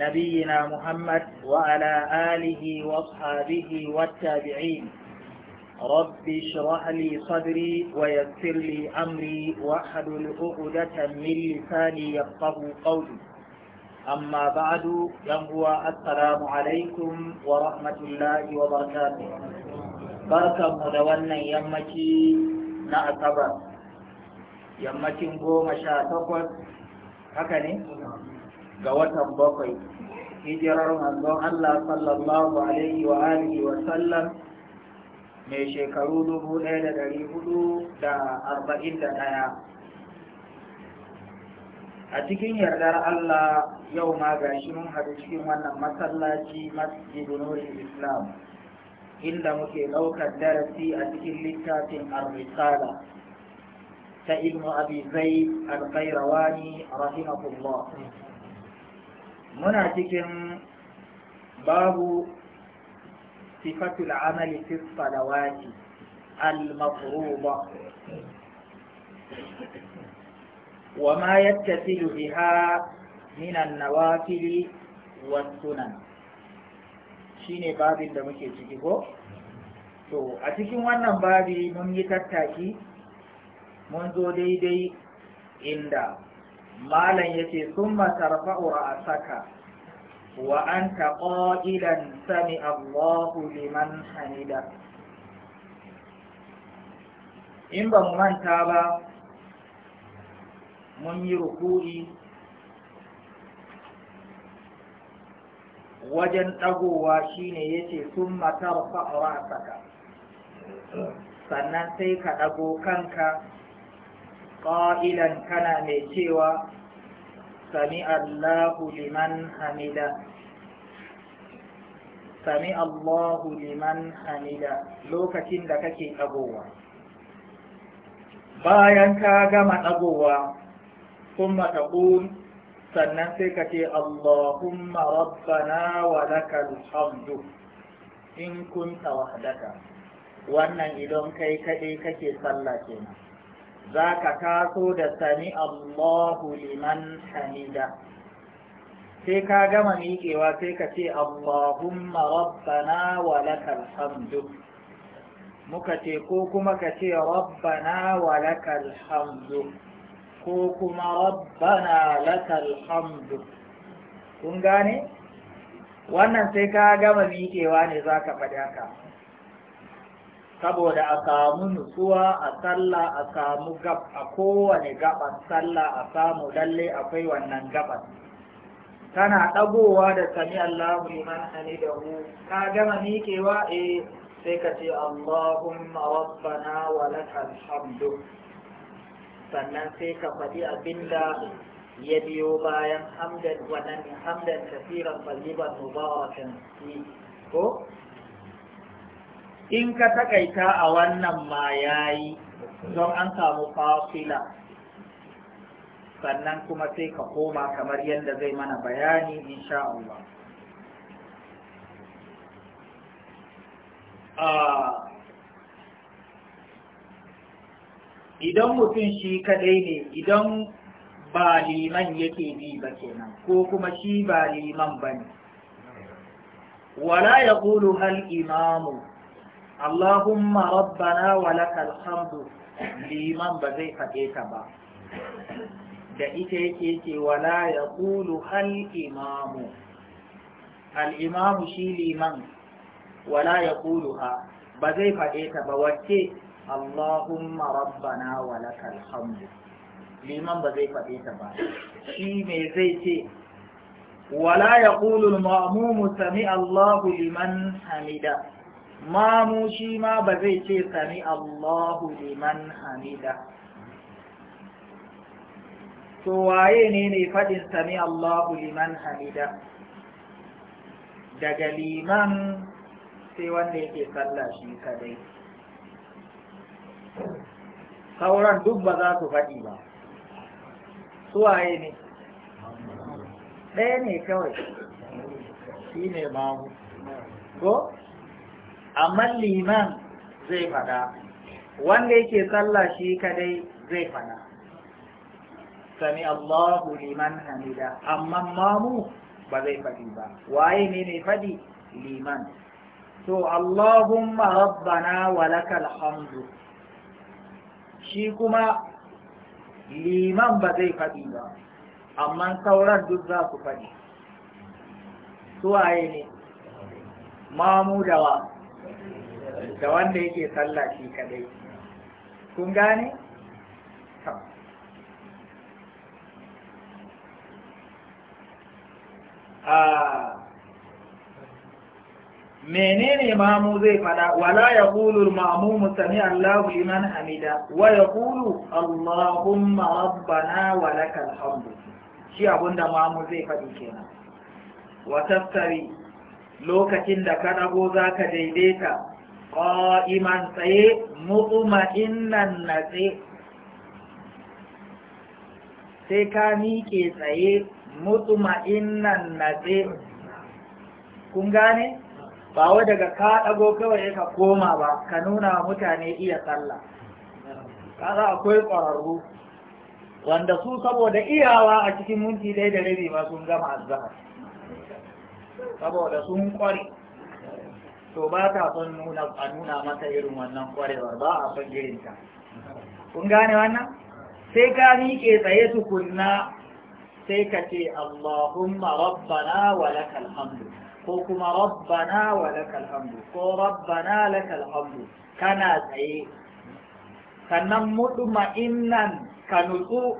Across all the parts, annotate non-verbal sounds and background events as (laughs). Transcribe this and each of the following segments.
نبينا محمد وعلى آله وأصحابه والتابعين رب اشرح لي صدري ويسر لي أمري واحلل عقدة من لساني يفقه قولي أما بعد فهو السلام عليكم ورحمة الله وبركاته بركة مدونا يمتي نعتبر يمتي قوم شاتقت هكذا ga watan bakwai hijirar manzon Allah sallallahu alaihi wa alihi wa sallam mai shekaru dubu ɗaya da hudu da arba'in da ɗaya a cikin yardar Allah yau ma gashi mun haɗu cikin wannan masallaci masjidu islam inda muke ɗaukar darasi a cikin littafin ar ta ilmu abi zaid al-qayrawani rahimahullah muna cikin babu sifatul amali fi salawati al maqruba wa ma yattasilu biha min an-nawafil wa sunan shine babin da muke ciki ko to a cikin wannan babi mun yi tattaki mun zo daidai inda malam yace summa tarfa'u saka wa anta qa'ilan sami Allahu liman hanida in ba mu manta ba mun yi ruku'i wajen ɗagowa shine yace summa tarfa'u saka. sannan sai ka ɗago kanka ƙa'ilan kana mai cewa sami Allahu liman hamida sami Allahu liman hamida lokacin da kake ɗagowa bayan ka gama ɗagowa kun mataɓun sannan sai ka ce Allahumma rabbana wa lakal hamdu in kunta wahdaka wannan idan kai kaɗai kake sallah kenan za ka taso da sani, Allahu liman hamida sai ka gama miƙewa sai ka ce Allahumma rabbana wa lakal hamdu muka ce ko kuma ka ce rabbana wa lakal hamdu ko kuma rabbana lakal hamdu kun gane wannan sai ka gama miƙewa ne za ka faɗi haka saboda a samu nutsuwa a sallah a samu gab a kowane gaban sallah a samu lalle akwai wannan gaban tana ɗagowa da sami Allahu liman hamidahu ka gama miƙewa eh sai ka ce Allahumma rabbana wa lakal hamdu sannan sai ka faɗi abinda ya biyo bayan hamdan wannan hamdan kafiran tayyiban mubarakan ko in ka takaita a wannan ma yayi don an samu fasila sannan kuma sai ka koma kamar yadda zai mana bayani insha Allah idan mutum shi kadai ne idan ba liman yake bi ba kenan ko kuma shi ba liman ba ne wala ya hal imamu Allahumma rabbana wa lakal hamdu liman ba zai faɗe ta ba da ita yake ce wala ya kulu imamu, al'imamu imamu shi liman wala ya kulu ha ba zai faɗe ta ba wacce Allahumma rabbana wa lakal hamdu liman ba zai faɗe ta ba shi me zai ce wala ya ƙulu al'amumu sami Allahu liman hamida mamu shi ma ba zai ce sami Allahu liman hamida to waye ne ne faɗin sami Allahu liman hamida daga liman sai wanda yake sallah shi kadai sauran duk ba za su faɗi ba su waye ne ɗaya ne kawai shi ne mamu ko amma liman zai fada wanda yake sallah shi kadai zai fada sami Allahu liman hamida amma mamu ba zai fadi ba waye ne mai fadi liman to Allahumma rabbana wa lakal hamdu shi kuma liman ba zai faɗi ba amma sauran duk za su faɗi waye ne mamu da wa da wanda yake sallah shi kadai kun gane a ah. menene mamu zai fada wala ya kulul ma'amumu sami Allahu liman hamida wa ya kulu Allahumma rabbana wa lakal hamdu shi abunda mamu zai faɗi kenan wa tattari lokacin da ka dago za ka daidaita ƙa'iman tsaye innan na tsaye sai ka miƙe tsaye innan na tsaye kun gane ba wa daga ka dago kawai ka koma ba ka nuna mutane iya za a akwai ƙwararru wanda su saboda iyawa a cikin minti ɗaya da rabi ma sun gama azzahar saboda sun kware to ba ta son nuna a nuna mata irin wannan kwarewar ba a son irinta kun gane wannan sai ka miƙe tsaye tukunna sai ka ce Allahumma rabbana wa lakal hamdu ko kuma rabbana wa lakal hamdu ko rabbana lakal hamdu kana tsaye sannan mutuma innan ka nutsu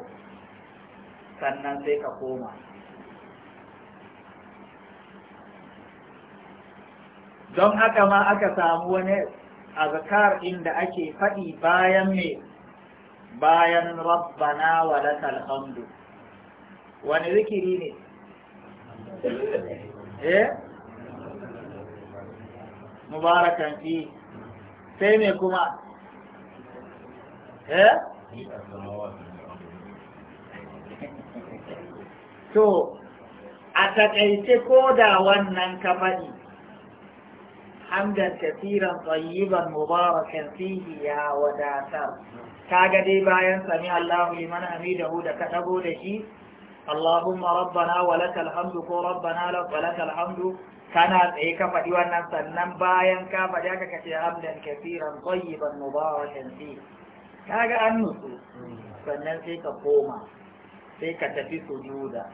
sannan sai ka koma don haka ma aka samu wani azkar inda ake faɗi bayan me bayan rabbana wa lakal hamdu wani zikiri ne eh mubarakan fi sai me kuma eh to a takaice ko da wannan ka faɗi hamdan kafiran tsayiban mubarakan fihi ya wadata. ka ga dai bayan sami Allahu liman hamidahu da ka dago da shi Allahumma rabbana wa hamdu ko rabbana wa lakal hamdu kana tsaye ka faɗi wannan sannan bayan ka faɗi aka kace hamdan kafiran tsayiban mubarakan fihi ka ga an nutsu sannan sai ka koma sai ka tafi sujuda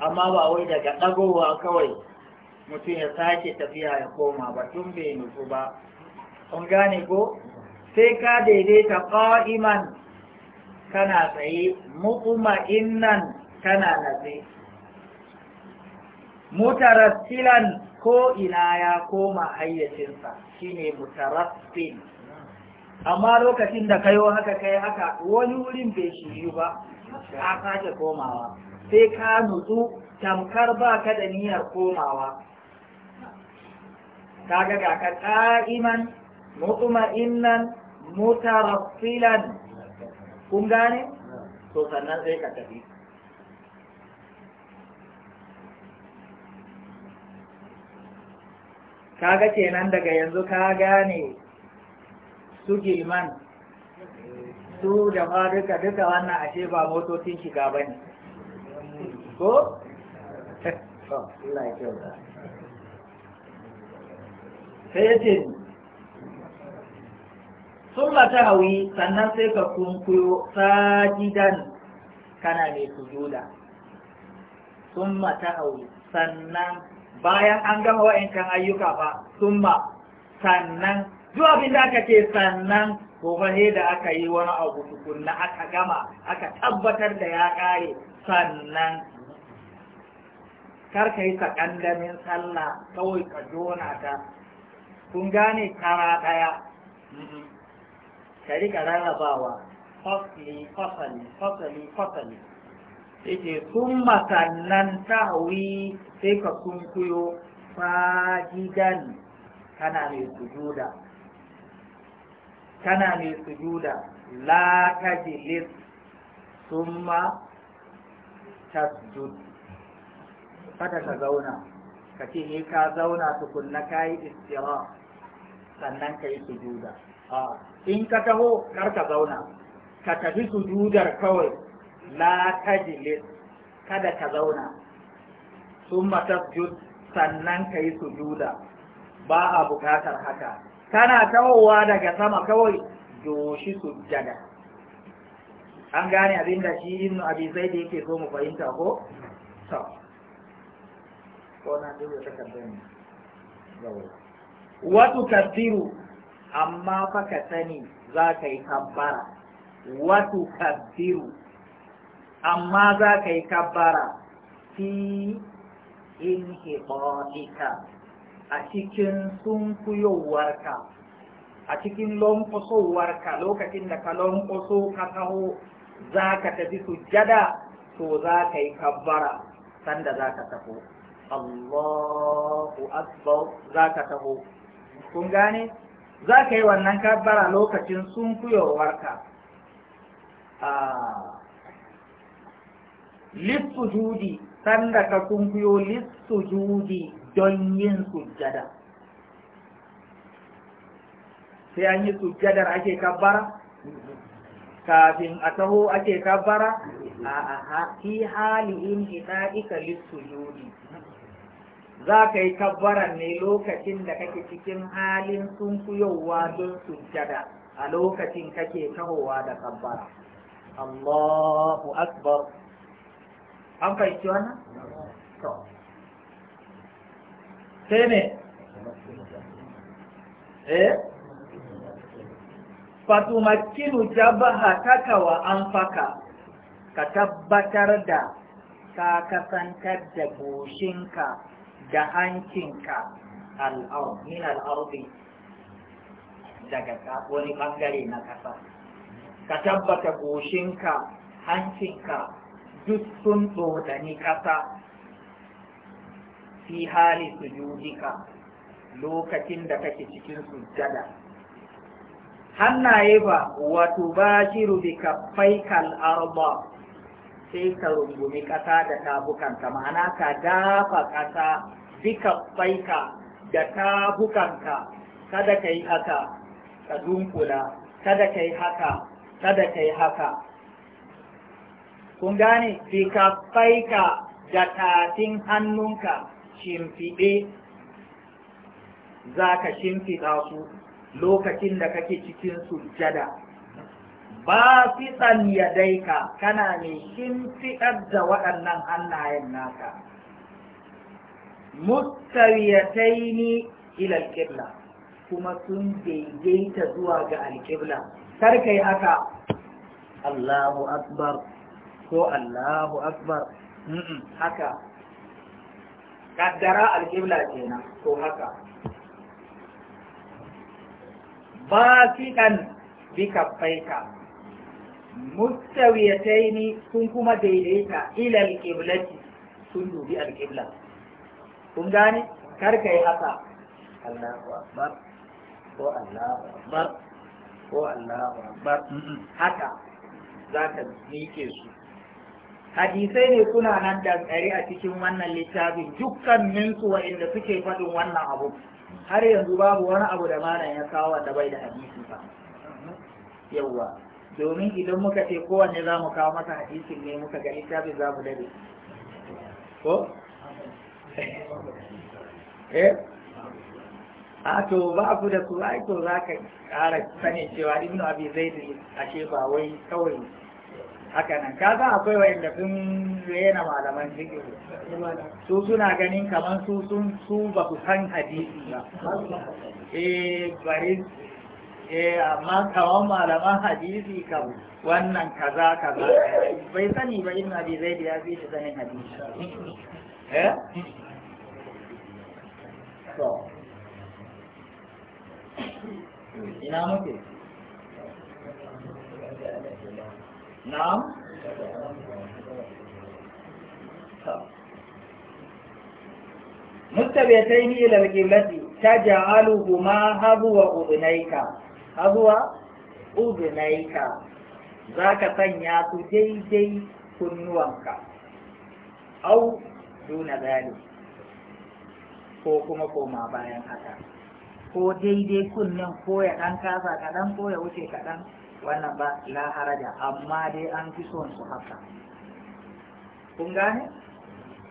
amma ba wai daga ɗagowa kawai mutum ya sake tafiya ya koma ba tun bai nufu ba kun gane ko sai ka daidaita ƙa'iman kana tsaye innan kana natsi mutarassilan ko ina ya koma hayyacinsa shine mutarassil amma lokacin da kayo haka kai haka wani wurin bai shiyu ba ka sake komawa sai ka nutsu tamkar ba ka da niyyar komawa kaga ga ka ƙa'iman mutuma'innan mutaraffilan kun gane to sannan sai ka tafi kaga kenan daga yanzu ka gane su gilman su da duka duka wannan ashe ba motocin shiga ba ne ko? (laughs) Allah ya sai ya ce sun ta hawi sannan sai ka kunkuyo sajidan kana mai sujuda sun ta hawi, sannan bayan an gama wa'ancan ayyuka ba sun sannan duk abin da aka ce sannan gobe da aka yi wani abu tukunna aka gama aka tabbatar da ya kare sannan kar ka yi sakandamin sallah kawai ka jona ta kun gane kara ɗaya mm-hmm. ka rika rarrabawa fasali fasali fasali fasali yake sun masannan ta'awi sai ka sunkuyo fajidan kana mai sujuda kana mai sujuda la tajlis summa tasjud fata ka zauna ka ce ka zauna tukunna kayi istira sannan ka yi sujuda in ka taho kar ka zauna ka tafi sujudar kawai la tajlis kada ka zauna sun matasjud sannan ka yi sujuda ba a bukatar haka kana tahowa daga sama kawai doshi sujjada an gane abin da shi ibnu abin zai da yake so mu fahimta ko to ko na duba takardar ne watu kasiru amma fa ka sani za ka yi kabbara watu kasiru amma za ka yi kabbara fi inhibatika a cikin sunkuyowarka a cikin lonkwasowarka lokacin da ka lonkwaso ka taho za ka tafi sujjada to za ka yi kabbara sanda za ka taho Allahu Akbar za ka taho kun gane za ka yi wannan kabbara lokacin sun kuyowarka ah. lissu judi sanda ka sun kuyo lissu judi don yin sujjada sai an yi sujjadar ake kabbara kafin a taho ake kabbara a a fi hali in ita ika lissu judi za ka yi kabbaran ne lokacin da kake cikin halin sunkuyowa don sujjada a lokacin kake kawowa da kabbara Allahu akbar an fahimci wannan to sai ne eh fatumakkinu jabhataka wa faka, ka tabbatar da ka kasantar da goshinka da hancinka min al'arzi daga wani bangare na ƙasa ka tabbata goshinka hancinka duk sun ɗodani ƙasa fi hali su ka lokacin da kake cikin sujjada hannaye ba wato bashiru bi kaffai kal arba sai ka rungumi ƙasa da tabukanka ma'ana ka dafa ƙasa duka ka da tabukanka kada ka yi haka ka dunkula kada ka yi haka kada ka yi haka kun gane duka ka da tafin hannunka shimfiɗe za ka shimfiɗa su lokacin da kake cikin sujjada ba dai ka, kana ne shimfiɗar da waɗannan hannayen naka mustawiyataini ilal ƙibla. kuma sun daidaita zuwa ga alƙibla. kar yi haka Allahu akbar ko Allahu akbar haka kaddara alƙibla kenan ko haka basikan bi kaffaika mustawiyataini sun kuma daidaita ila alqiblati sun dubi alqibla kun gane kar yi haka Allahu akbar ko Allahu akbar ko Allahu akbar haka ka miƙe su hadisai ne kuna nan da tsari a cikin wannan littafin dukkanin su wa'inda suke faɗin wannan abu har yanzu babu wani abu da malam ya kawo wanda bai da hadisi ba yawwa domin idan muka ce kowanne za mu kawo masa hadisin ne muka ga littafin za mu dade ko (laughs) eh a to ba ku da ku ai to za ka ƙara sani cewa ibn abi zaid ashe ba wai kawai haka nan kaga akwai inda sun rena malaman fiqh su suna ganin kamar su sun su ba ku san hadisi ba eh bari eh amma kawo malaman hadisi kam wannan kaza kaza bai sani ba ibn abi zai ya fi shi sanin hadisi (laughs) eh so ina muke na'am متبعتين إلى القبلة تجعلهما هبو وأذنيك hazuwa ka, za ka sanya su daidai kunnuwanka au duna gani ko kuma koma bayan haka ko daidai kunnen ko ya ɗan kasa kaɗan ko ya wuce kaɗan wannan ba la amma dai an fi son su haka kun gane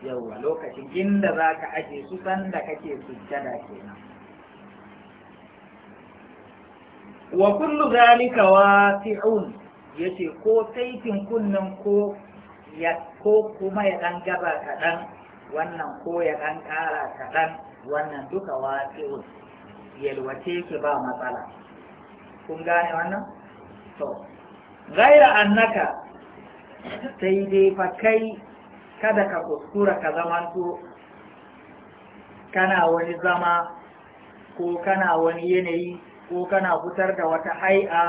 yauwa lokacin inda za ka aje su sanda kake sujjada kenan wa kullu zalika wasi'un yace ko taifin kunnan ko ya ko kuma ya dan gaba kadan wannan ko ya dan kara kadan wannan duka wasi'un yalwace ke ba matsala kun gane wannan to gaira annaka sai dai fa kai kada ka kuskura ka zamanto kana wani zama ko kana wani yanayi ko kana fitar da wata hai'a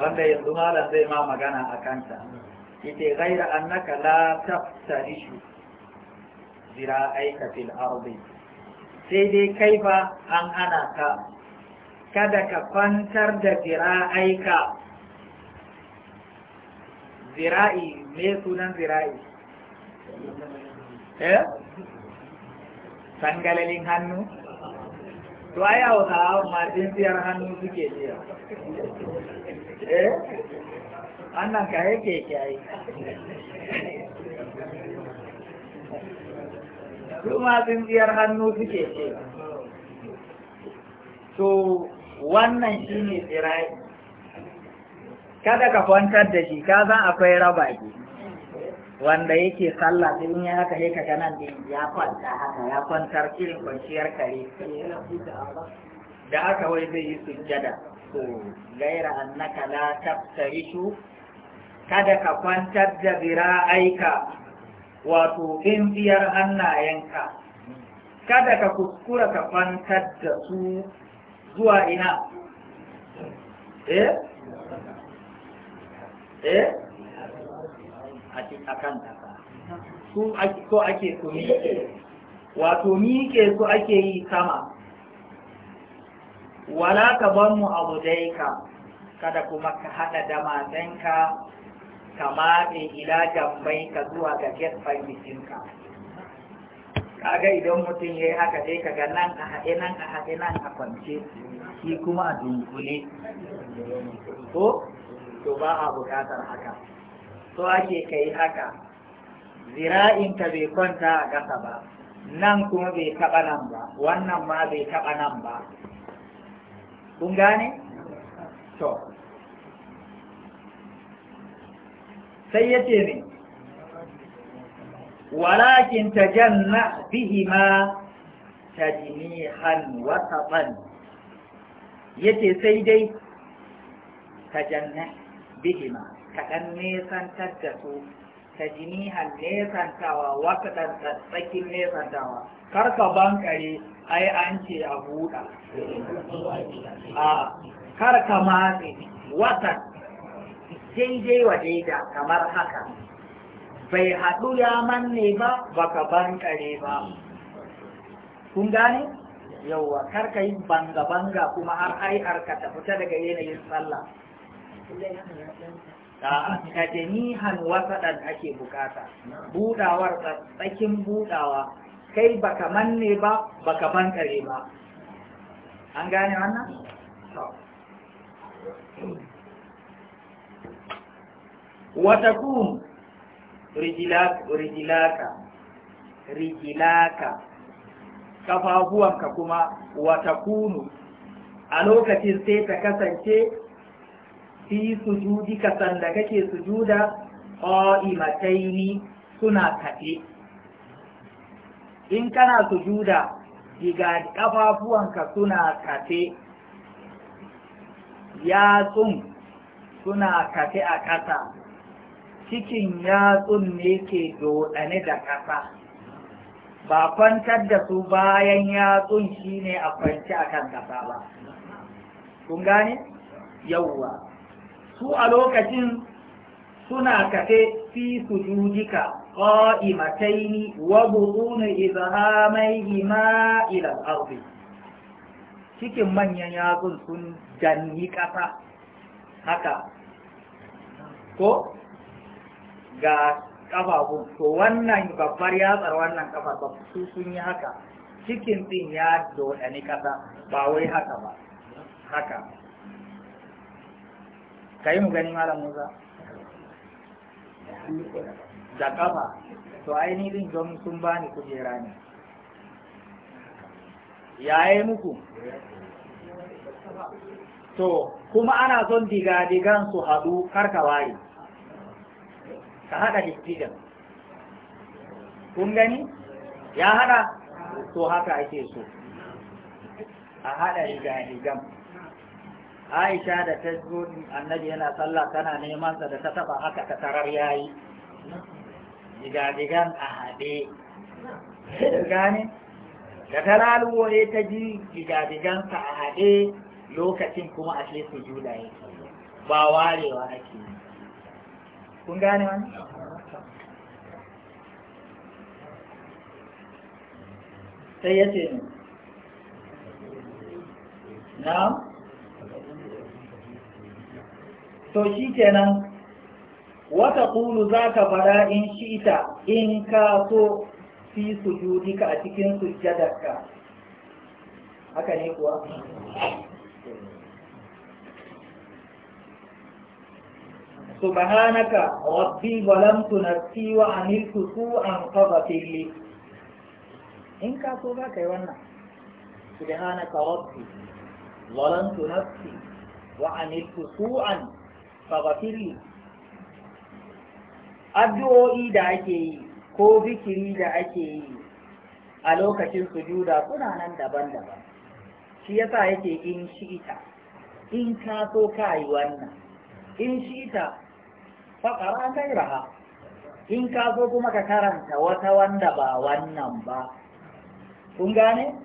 wanda yanzu malam zai ma magana a kanta yace ghaira annaka la taftarishu aika fil ardi sai dai kai fa an ana ka kada ka kwantar da aika zira'i me sunan zira'i eh sangalalin hannu to ai hausawa ma siyar hannu suke jiya eh annan ka yake kyayi su ma siyar hannu suke ce to wannan ne tsirai kada ka kwantar da shi ka san akwai rabaki. wanda yake sallah sai in ya haka sai kaga nan din ya kwanta haka ya kwantar cikin kwanciyar kare da aka wai zai yi sujjada to gaira annaka la tabtarishu kada ka kwantar da aika, wato tsintsiyar hannayenka kada ka kuskura ka kwantar da su zuwa ina eh eh a kan Ko ake su miƙe wato miƙe su ake yi sama wala ka ban mu abu ka kada kuma ka haɗa damatsenka ka matse ila jambai ka zuwa ga gefen Ka kaga idan mutum ya yi haka dai kaga nan a haɗe nan a haɗe nan a kwance shi kuma a dunkule ko to ba a buƙatar haka so ake ka yi haka zira'inka bai kwanta a ƙasa ba nan kuma bai taɓa nan ba wannan ma bai taɓa nan ba kun gane? to sai ya ce ne walakin ta janna ma ta jinihan wasaɓan ya ce sai dai ta janna ma. kaɗan nesantar da su ta jinihan nesantawa wata ɗan tsakin nesantawa kar ka bankare ai an ce a buɗa a kar ka matse wata daidai wa daida kamar haka bai haɗu ya manne ba baka bankare ba kun gane yauwa kar ka yi banga-banga kuma har ai harka ta fita daga yanayin sallah ta jami'an wasaɗan ake bukata budawar tsakin budawa kai baka manne ba baka bankare ba an gane wannan? watakun rijilaka rijilaka ka kuma kunu a lokacin sai ta kasance fi ka sanda kake sujuda qa'imataini suna kaɗe in kana sujuda diga ƙafafuwanka suna kafe yatsun suna kafe a ƙasa cikin yatsun ne ke doɗane da ƙasa ba kwantar da su bayan yatsun shine a kwanci a kan ba kun gane yauwa su a lokacin suna kafe fi su jujika qa'imataini wa buduna izhamaihima ila al arzi cikin manyan yatsun sun danni ƙasa haka ko ga ƙafafun to wannan babbar yatsar wannan ƙafar ba su sun yi haka cikin tsin ya ni ƙasa, ba wai haka ba haka ka yi mu gani malam musa da kafa to ainihin don sun ba ni kujera ne yaye muku to kuma ana son diga-digan su haɗu karka waye ka haɗa distigan kun gani ya haɗa to haka ake so a haɗa diga-digan aisha da ta zo annabi yana sallah tana neman sa da ta taba haka ta tarar yayi digadigan a haɗe (laughs) gane da ta raluwo ne ta ji digadigan sa a haɗe lokacin kuma a ce su juda yake ba warewa ake yi kun gane wani sai ya ce na to shi kenan wata kulu za ka fara in ita in ka so fi ka a cikin jadarka haka ne kuwa subhanaka rabbi zalamtu nafsi wa amiltu su'an faghfirli in ka so za ka yi wannan subhanaka rabbi zalamtu nafsi wa amiltu su'an fagafiri addu'o'i da ake yi ko bikini da ake yi a lokacin sujuda suna nan daban-daban shi yasa yake in shi'ita in ka so ka yi wannan in shi'ita faƙara kai raha in ka so kuma ka karanta wata wanda ba wannan ba kun gane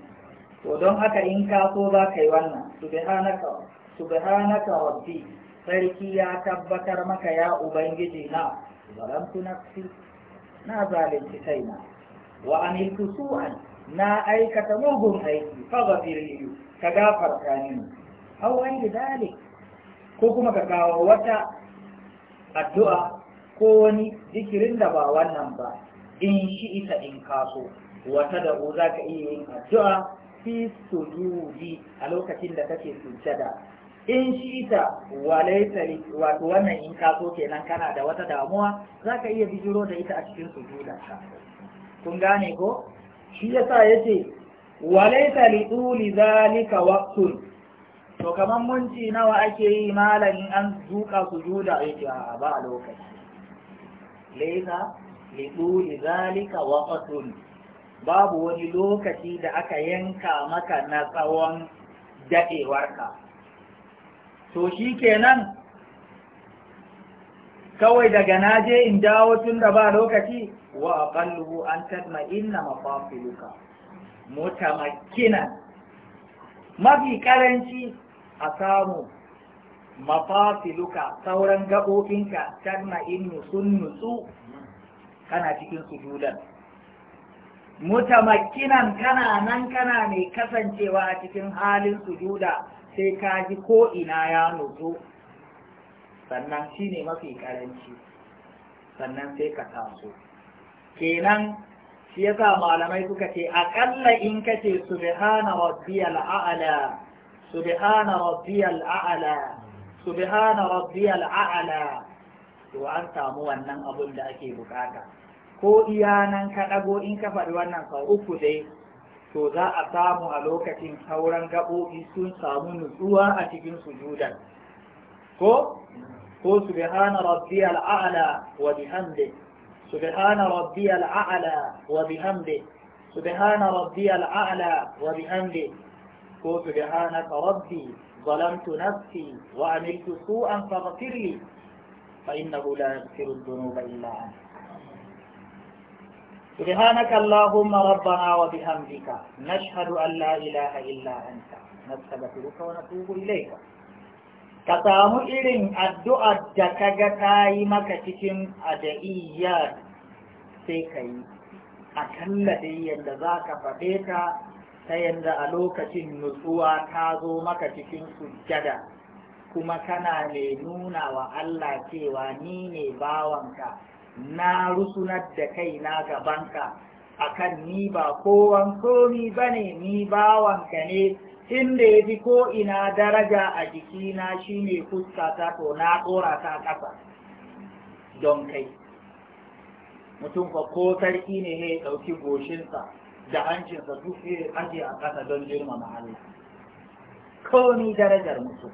to don haka in ka so za ka yi wannan subhanaka subhanaka fi. sarki ya tabbatar maka ya ubangiji na zalamtu nafsi na zalunci kaina wa amiltu su'an na aikata mugun aiki faghfir li ka gafar mini aw an dalik ko kuma ka kawo wata addu'a ko wani zikirin da ba wannan ba in shi ita in kaso wata da za ka iya yin addu'a fi sujudi a lokacin da kake sujada in shi ta walaitari wato wannan in ka so kenan kana da wata damuwa za ka iya bijiro da ita a cikin sujuda kun gane ko shi ya ya yace walaita li tuli zalika waqtun to kaman munci nawa ake yi malamin an duka sujuda ba a lokaci laisa li tuli zalika waqtun babu wani lokaci da aka yanka maka na tsawon dadewarka to shi kenan kawai daga naje in dawo tun da ba lokaci wa aqalluhu an inna mafafiluka mutamakkinan mafi karanci a samu mafafiluka sauran gaɓoɓinka tatma'innu sun nutsu kana cikin sujudan mutamakkinan kana nan kana mai kasancewa a cikin halin sujuda sai ka ji ko ina ya nutsu sannan shi ne mafi karanci sannan sai ka taso kenan shi yasa malamai suka ce aƙalla in ka ce subhana rabbiyal a'la subhana rabbiyal a'la subhana rabbiyal a'la to an samu wannan abun da ake bukata ko iya nan ka ɗago in ka faɗi wannan sau uku dai to za a samu a lokacin sauran gaɓoɓi sun samu nutsuwa a cikin sujudan ko ko subhana rabbiyal a'la wa bihamdi subhana rabbiyal a'la wa bihamdi subhana rabbiyal a'la wa bihamdi ko subhana rabbi zalamtu ظلمت نفسي وعملت سوءا فاغفر لي فإنه لا يغفر dhunuba illa anta سبحانك اللهم ربنا وبحمدك نشهد أن لا إله إلا أنت نستغفرك ونتوب إليك ka samu irin addu'ar da ka ga ta yi maka cikin ada'iyyar sai ka yi a dai yadda za ka faɗe ta ta yadda a lokacin nutsuwa ta zo maka cikin sujjada kuma kana mai nuna wa Allah cewa ni ne bawanka na rusunar da kai kaina gabanka akan ni ba kowan komi bane ni bawanka ne inda ya fi ko ina daraja a jikina shine fuskata to na ɗora ta ƙasa don kai mutum ko sarki ne ya ɗauki goshinsa da hancinsa duk ya aje a ƙasa don girmama Allah komi darajar mutum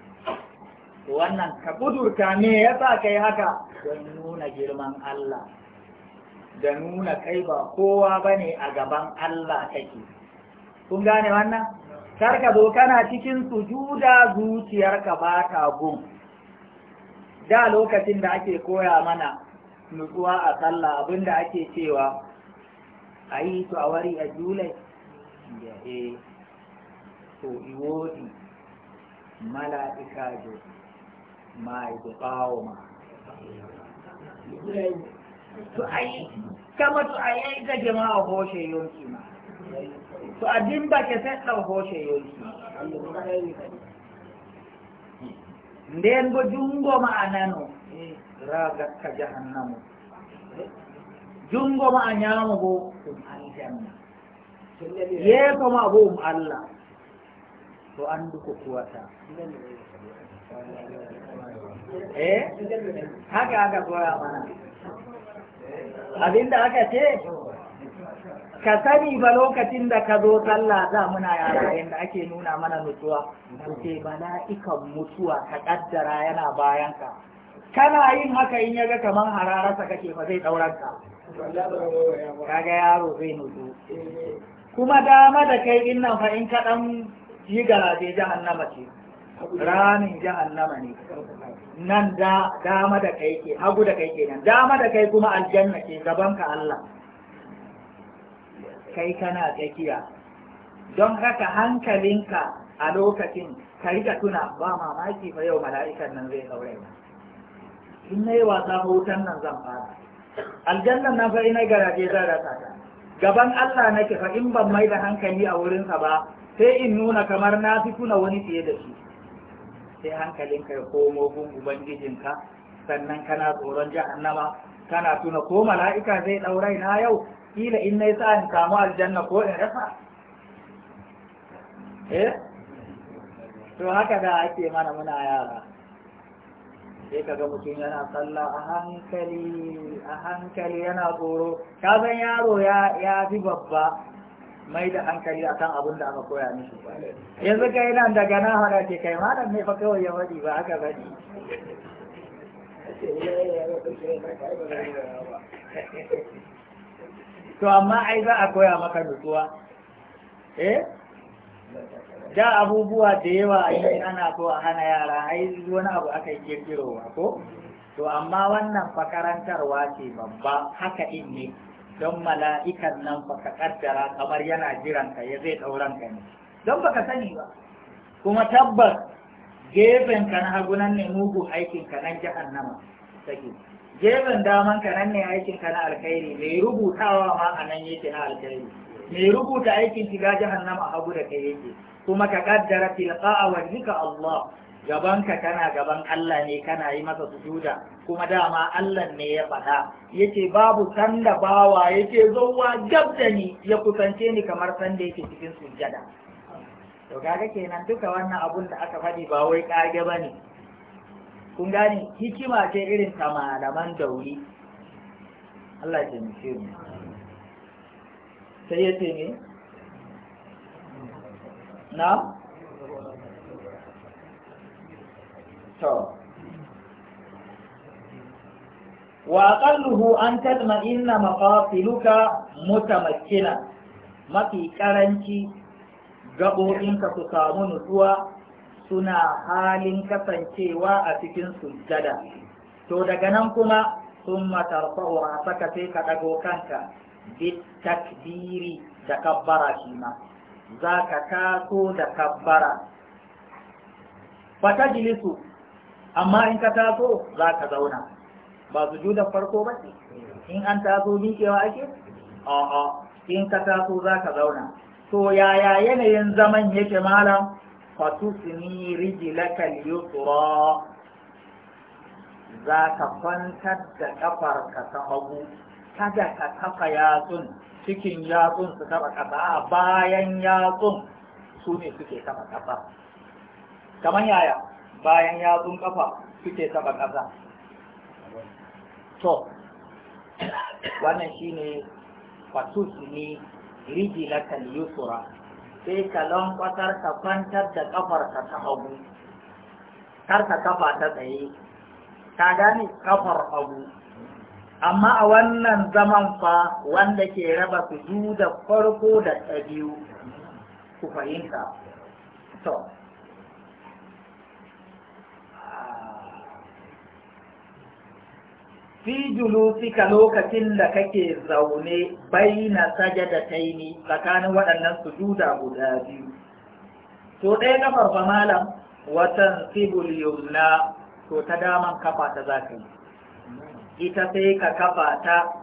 wannan ka budurta sa yasa kai haka don nuna girman Allah da nuna kai ba kowa bane a gaban Allah kake kun gane wannan kar ka zo kana cikin sujuda zuciyarka ba ta gun da lokacin da ake koya mana nutsuwa a sallah abinda ake cewa a yi to a wari a julai ya e to iwodi mala'ika jodi mai tuqawma to ai kama to ai ai ga a hoshe yonki ma to a dimba ke sai dau hoshe yonki nden bo jungo ma a nano, raga ka jahannamu jungo ma a ñaamo bo ɗum aljanna yeeso ma bo um allah to andu ko kuwata eh haka aka koya mana abinda aka ce ka sani ba lokacin da ka zo sallah za muna yara yadda ake nuna mana mutuwa ku ce bala'ikan mutuwa ka kaddara yana bayan ka kana yin haka in yaga kaman hararsa kake fa zai dauran ka kaga yaro zai nutsu kuma dama da kai din nan fa in ka dan yi garaje jahannama ce ranin jahannama ne nan da dama da kai ke hagu da kai kenan dama da kai kuma aljanna ke gaban ka Allah kai kana tsakiya don haka hankalinka a lokacin ka rika tuna ba mamaki fa yau mala'ikan nan zai ba. in na wasa hutan nan zan fara aljannan na fa ina garaje zan rasa ta gaban Allah nake fa in ban mai da hankali a wurinsa ba sai in nuna kamar na fi kuna wani fiye da shi sai hankalinka ya komo gun ubangijinka sannan kana tsoron jahannama kana tuna ko mala'ika zai ɗaurai na yau ila in nayi sa in samu aljanna ko in rasa eh to haka da ake mana muna yara sai kaga mutum yana tsalla a hankali a hankali yana tsoro ka san yaro ya fi babba mai da hankali akan abin da aka koya mishi yanzu kai nan daga na hana ke kai malam ne fa kawai ya wadi ba aka bari to amma ai za a koya maka nutsuwa eh da abubuwa da yawa yi ana so a hana yara ai wani abu aka yi kirkirowa ko to amma wannan fakarantarwa ce babba haka in ne don mala'ikan nan ka ƙaddara, kamar yana jiran ka ya zai ɗauran ka ne don ka sani ba kuma tabbas gefen ka na hagu nan ne mugu aikin ka nan nama take gefen daman ka nan ne aikin ka na alkhairi mai rubutawa ma a nan yake na alkhairi mai rubuta aikin shiga nama a hagu da ka yake kuma ka ƙaddara tilqa wa Allah gabanka kana gaban Allah ne kana yi masa sujuda kuma dama Allah ne ya faɗa yace babu sanda bawa yace zowa gab da ni ya kusance ni kamar sanda yake cikin sujada to kaga kenan duka wannan abun da aka faɗi ba wai kage bane kun gane hikima ce irin ta malaman dauri Allah ya taimake mu sai yace ne na wa aqalluhu an tadma inna maqatiluka mutamakkina mafi karanci ka su samu nutsuwa suna halin kasancewa a cikin sujjada to daga nan kuma sun matarfa'u a saka sai ka ɗago kanka bi takbiri da kabbara shi ma za ka taso da kabbara fatajilisu amma in ka taso za ka zauna ba su juda farko ba ce in an taso miƙewa ake a'a in ka taso za ka zauna to yaya yanayin zaman yake malam ni riji lakal yusra za ka kwantar da ka ta hagu kada ka kafa yatsun cikin yatsun su kafa kafa a bayan yatsun su ne suke kafa kafa kamar yaya bayan yatsun kafa suke taba ƙasa to wannan ne fatus ni rijilaka yusra sai ka kwasar ka kwantar da ka ta hagu kar ka kafa ta tsaye ta gane kafar hagu amma a wannan zaman fa wanda ke raba su da farko da ta ku fahimta fi julusika lokacin da kake zaune baina taini tsakanin waɗannan su sujuda guda biyu to ɗaya kafar fa malam watan sibul yumna to ta daman kafa ta za ka yi ita sai ka kafa ta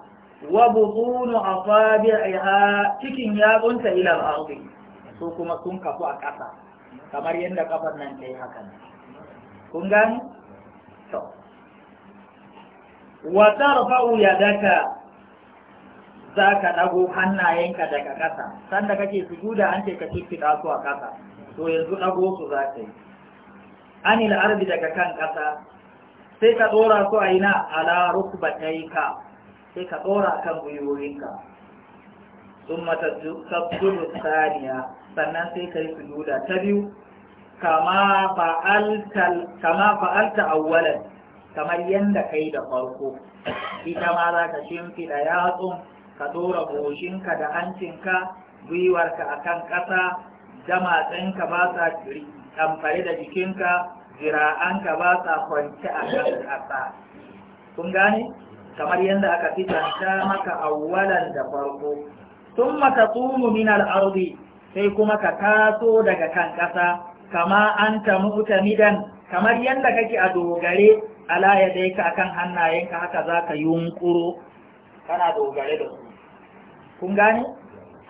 wa a butunu asabi'iha cikin yatsunta ila ilar su kuma sun kafu a ƙasa kamar yadda ƙafar nan ta yi hakan kun gani wa ya yadaka za ka ɗago hannayenka daga ƙasa sanda kake su sujuda an ce ka fiffita su a ƙasa to yanzu ɗago su za ka yi An yi la'arbi daga kan ƙasa sai ka ɗora su a yi na ala ka sai ka ɗora kan gwiwoyinka sun mata sabjudu saniya sannan sai ka yi sujuda ta biyu kama fa'alta awwalan kamar yadda kai da farko ita ma za ka shimfiɗa yatsun ka ɗora goshinka da hancinka gwiwarka a kan ƙasa damatsinka ba sa ɗamfare da jikinka zira'anka ba sa kwanci a kan ƙasa kun gane kamar yadda aka fitanta maka awwalan da farko Tun maka tsumu min al'ardi sai kuma ka taso daga kan ƙasa kama an ta midan kamar yadda kake a dogare ala ya dai ka akan hannayenka haka za ka yunkuro kana dogare da su kun gane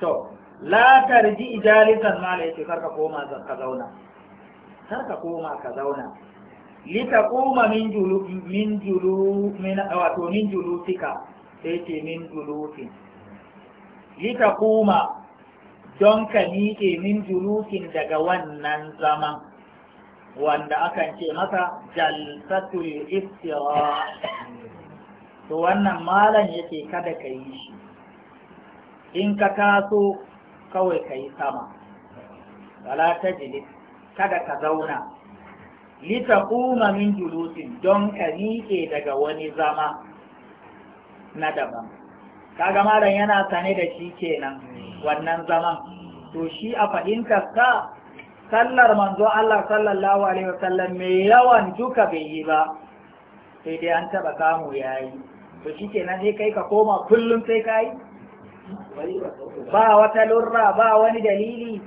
to la tarji jalisan ma la yace karka koma ka zauna karka koma ka zauna li kuma min julu min julu min wato min tika sai ce min julutin li kuma don ka miƙe min tin daga wannan zaman wanda akan ce masa jalsatul istira to wannan malam yake kada ka yi shi in ka taso kawai ka yi sama wala ta kada ka zauna lita kuma min julusin don ka miƙe daga wani zama na daban kaga malam yana sane da shi kenan wannan zaman to shi a fahimtar ka sallar manzo Allah sallallahu alaihi wasallam mai yawan duka bai yi ba sai dai an taba kamu yayi to shikenan sai kai ka koma kullum sai kai ba wata lurra ba wani dalili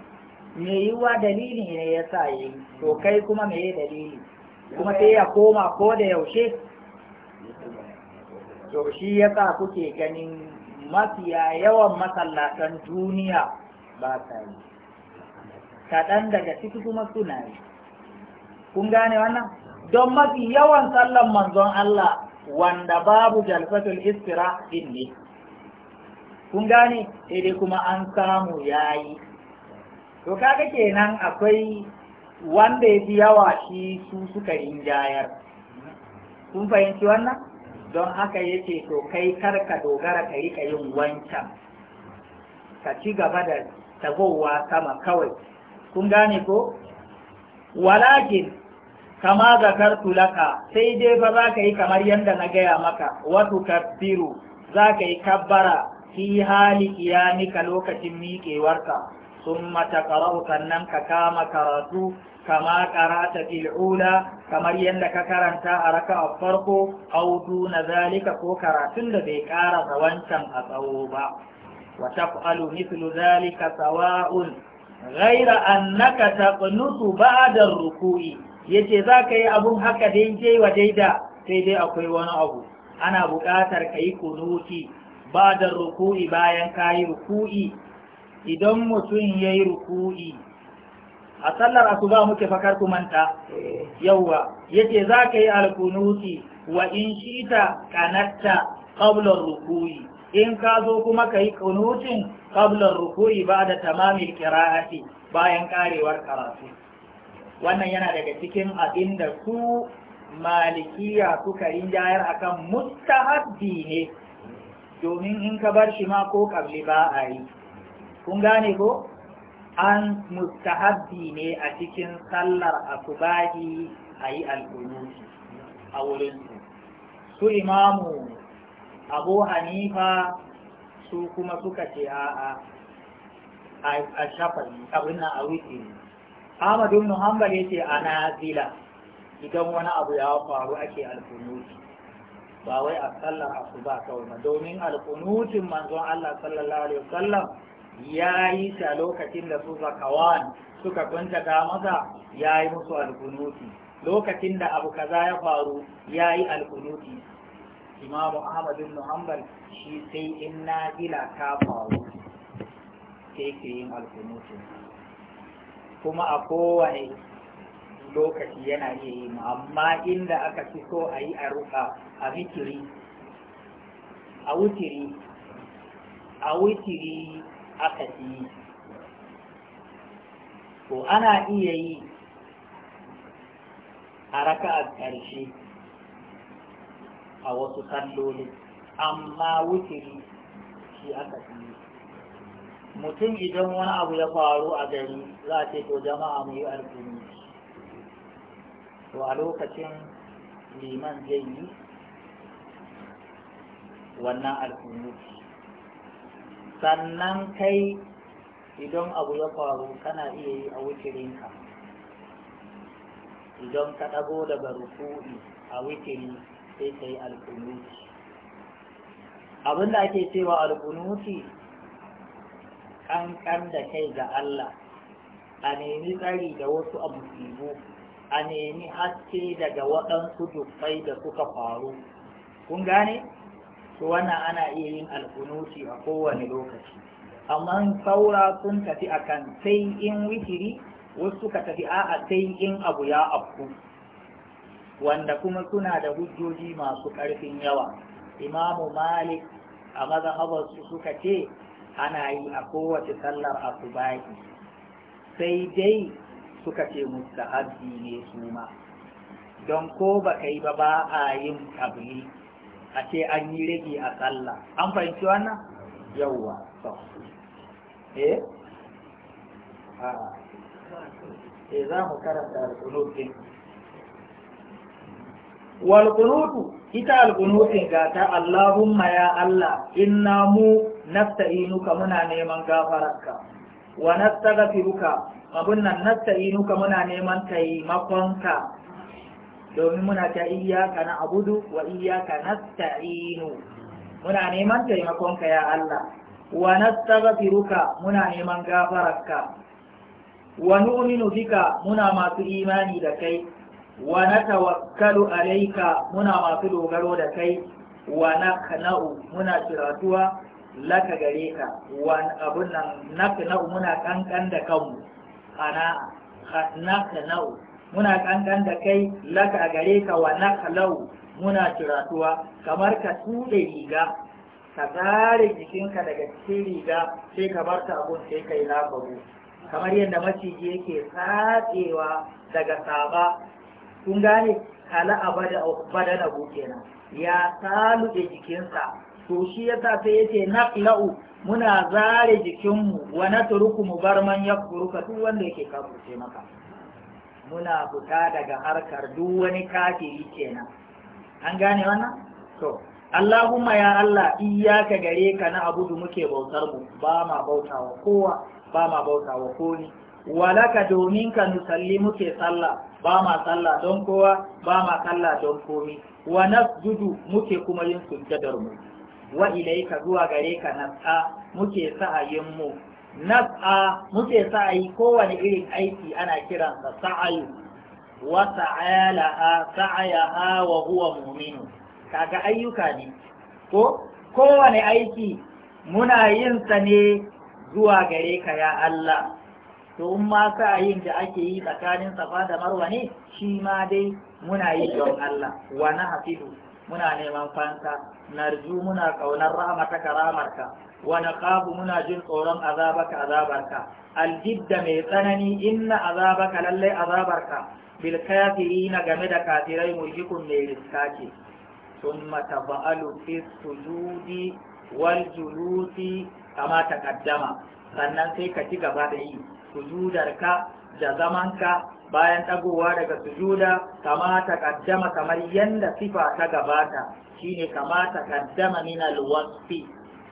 me yiwa dalili ne ya sa yi to kai kuma me dalili kuma sai ya koma ko da yaushe to shi yasa kuke ganin mafiya yawan masallatan duniya ba sa yi kaɗan daga ciki kuma suna yi kun gane wannan don mafi yawan sallan manzon Allah wanda babu jalfatul istira din ne kun gane sai kuma an samu yayi to kaga kenan akwai wanda ya fi yawa shi su suka rinjayar kun fahimci wannan don haka yace to kai karka dogara ka ka yin wancan ka ci gaba da tagowa sama kawai kun gane ko walakin kama zakar laka sai dai ba za ka yi kamar yadda na gaya maka wasu kafiru za ka yi kabbara fi hali iyamika lokacin miƙewarka sun mata karau sannan ka kama karatu kama karata fil'ula kamar yadda ka karanta a raka a farko audu na zalika ko karatun da bai ƙara wancan a tsawo ba wa taf'alu mithlu zalika sawa'un ghaira annaka taqnutu ba'da ruku'i yace zaka yi abun haka je wa daida sai dai akwai wani abu ana buƙatar ka yi kunuti ba'da ruku'i bayan ka yi ruku'i idan mutum yayi yi ruku'i a sallar asuba muke fakar ku manta yawa yace zaka yi alkunuti wa in shita kanatta qabla ruku'i in ka zo kuma ka kunutin qabla ruku'i ba'da tamamil qira'ati bayan karewar karatu wannan yana daga cikin abin da su malikiya suka jayar akan mustahabbi ne domin in ka bar shi ma ko kabli ba a yi kun gane ko an mustahabbi ne a cikin sallar asubahi a yi alkunuti a wurin su imamu abu hanifa su kuma suka ce a a shafar abin na a ne. Ahmad ibn Hanbal yace a zila idan wani abu ya faru ake alkunuti ba wai a sallar asuba kawai ba domin alkunutin manzon Allah sallallahu alaihi wasallam ya yi ta lokacin da su zakawan suka ga masa ya yi musu alkunuti lokacin da abu kaza ya faru ya yi alkunuti imam ahmad bin muhammad shi sai in gila ta faru sai ke yin alkunutin kuma a kowane lokaci yana iya yi amma inda aka fi so a yi a ruka a mitiri a wutiri a wutiri aka yi ko ana iya yi a raka a ƙarshe a wasu kalloli amma wutiri shi aka yi mutum idan wani abu ya faru a gari za a ce to jama'a mu yi alkuni to a lokacin liman zai yi wannan alkuni sannan kai idan abu ya faru kana iya yi a wucirinka idan ka ɗago daga ruku'i a wutiri sai ka yi alƙunuti abinda ake cewa alƙunuti ƙanƙan da kai ga Allah a nemi tsari da wasu abubuwa a nemi haske daga waɗansu dubbai da suka faru kun gane to wannan ana iya yin alƙunuti a kowane lokaci amma saura sun tafi akan sai in witiri wasu suka tafi a'a sai in abu ya afku wanda kuma suna da hujjoji masu ƙarfin yawa imamu malik a su suka ce ana yi a kowace sallar baki, sai dai suka ce mustahabbi ne su ma don ko ba ka yi ba ba a yin kabli a ce an yi rage a sallah an fahimci wannan yauwa so eh? Ah. eh za mu karanta walƙunutu ita alƙunutin gata Allahumma ya Allah inna mu nasta'inuka muna neman gafararka wa nastaghfiruka abun nan nasta'inuka muna neman taimakonka domin muna ta iyyaka na'budu wa iyyaka nasta'inu muna neman taimakonka ya Allah wa nastaghfiruka muna neman gafararka wa nu'minu bika muna masu imani da kai wa na tawakkalu alaika, muna masu dogaro da kai wa kana'u muna ciratuwa laka gare ka wa abun nan kana'u muna kankan da kanmu ana kana'u muna kankan da kai laka gare ka wa naklau muna kiratuwa kamar ka tude riga ka tsare jikinka daga cikin riga sai ka bar ta abun sai kai labaru kamar yadda maciji yake tsatsewa daga saba kun gane a abada badana ko kenan ya salu da jikinsa to shi yasa sai yace naqla'u muna zare jikinmu wa natruku mu bar man kuruka duk wanda yake kafirce maka muna fita daga harkar duk wani kafiri kenan an gane wannan to Allahumma ya Allah iyyaka gare ka na abudu muke bautar mu ba ma bautawa kowa ba ma bautawa koni walaka domin ka nusalli muke sallah ba ma sallah don kowa ba ma sallah don komi wa nasjudu muke kuma yin sujjadar mu wa ilaika zuwa gare ka nas'a muke sa'ayin mu nas'a muke sa'ayi kowane irin aiki ana kiransa sa'ayi wa sa'alaha sa'ayaha wa huwa mu'minu kaga ayyuka ne ko kowane aiki muna yin sa ne zuwa gare ka ya Allah to in ma sa'ayin da ake yi tsakanin safa da marwa ne shi ma dai muna yi don Allah wa na hafidu muna neman fansa narju muna kaunar rahmataka rahmarka wa naqabu muna jin tsoron azabaka azabarka aljidda mai tsanani inna azabaka lallai azabarka bil kafirina game da kafirai mulkikun mai riska ce thumma taba'alu fi sujudi wal julusi kama taqaddama sannan sai ka ci gaba da yi sujudarka da zamanka bayan ɗagowa daga sujuda kamata kaddama kamar yadda sifa ta gabata shine kamata kaddama min alwasfi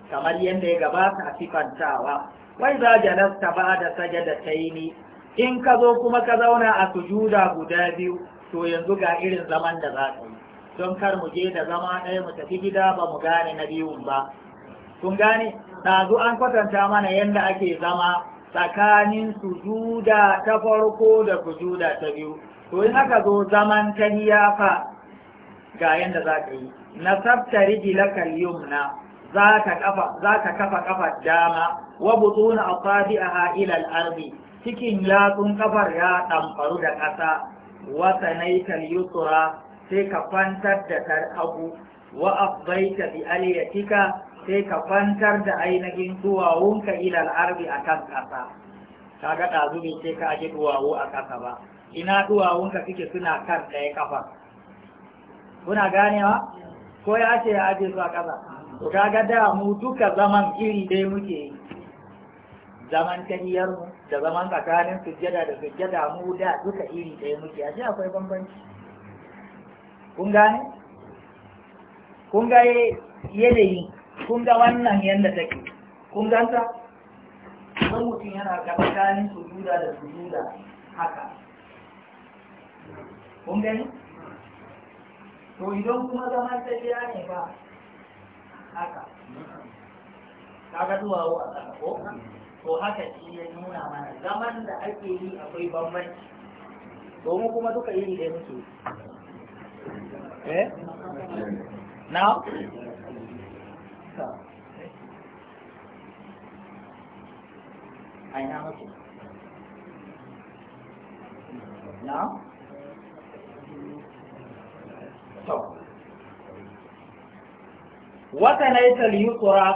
kamar yadda ya gabata a sifantawa wai za jalasta ba da sajada taini in ka zo kuma ka zauna a sujuda guda biyu to yanzu ga irin zaman da za ka yi don kar mu je da zama ɗaya mu tafi gida ba mu gane na biyun ba kun gane ɗazu an kwatanta mana yadda ake zama tsakanin sujuda ta farko da sujuda ta biyu to in aka zo zaman ta fa ga yanda za ka yi na sabtari yumna za ka kafa ƙafar kafa dama wa butun asabi'aha a al cikin yatsun kafar ya ɗamfaru da ƙasa wa sanaikal yusra sai ka kwantar da tar hagu wa afdaita bi aliyatika sai ka kwantar da ainihin duwawunka ilal arbi a kan ƙasa ka ga ɗazu ne sai ka ake duwawu a ƙasa ba ina duwawunka suke suna kan ɗaya ƙafa kuna ganewa ko ya ce ya aje su a ƙasa to ka ga da mu duka zaman iri dai muke yi zaman mu da zaman tsakanin sujjada da sujjada mu da duka iri ɗaya muke ashe akwai bambanci kun gane kun ga yanayi kun ga wannan yadda take kun ganta don mutum yana su sujuda da sujuda haka kun gani to idan kuma zaman tafiya ne ba haka kaga zuwa wa a ko to haka shi ya nuna mana zaman da ake yi akwai bambanci domin kuma duka iri da muke eh na sa a na wata na ita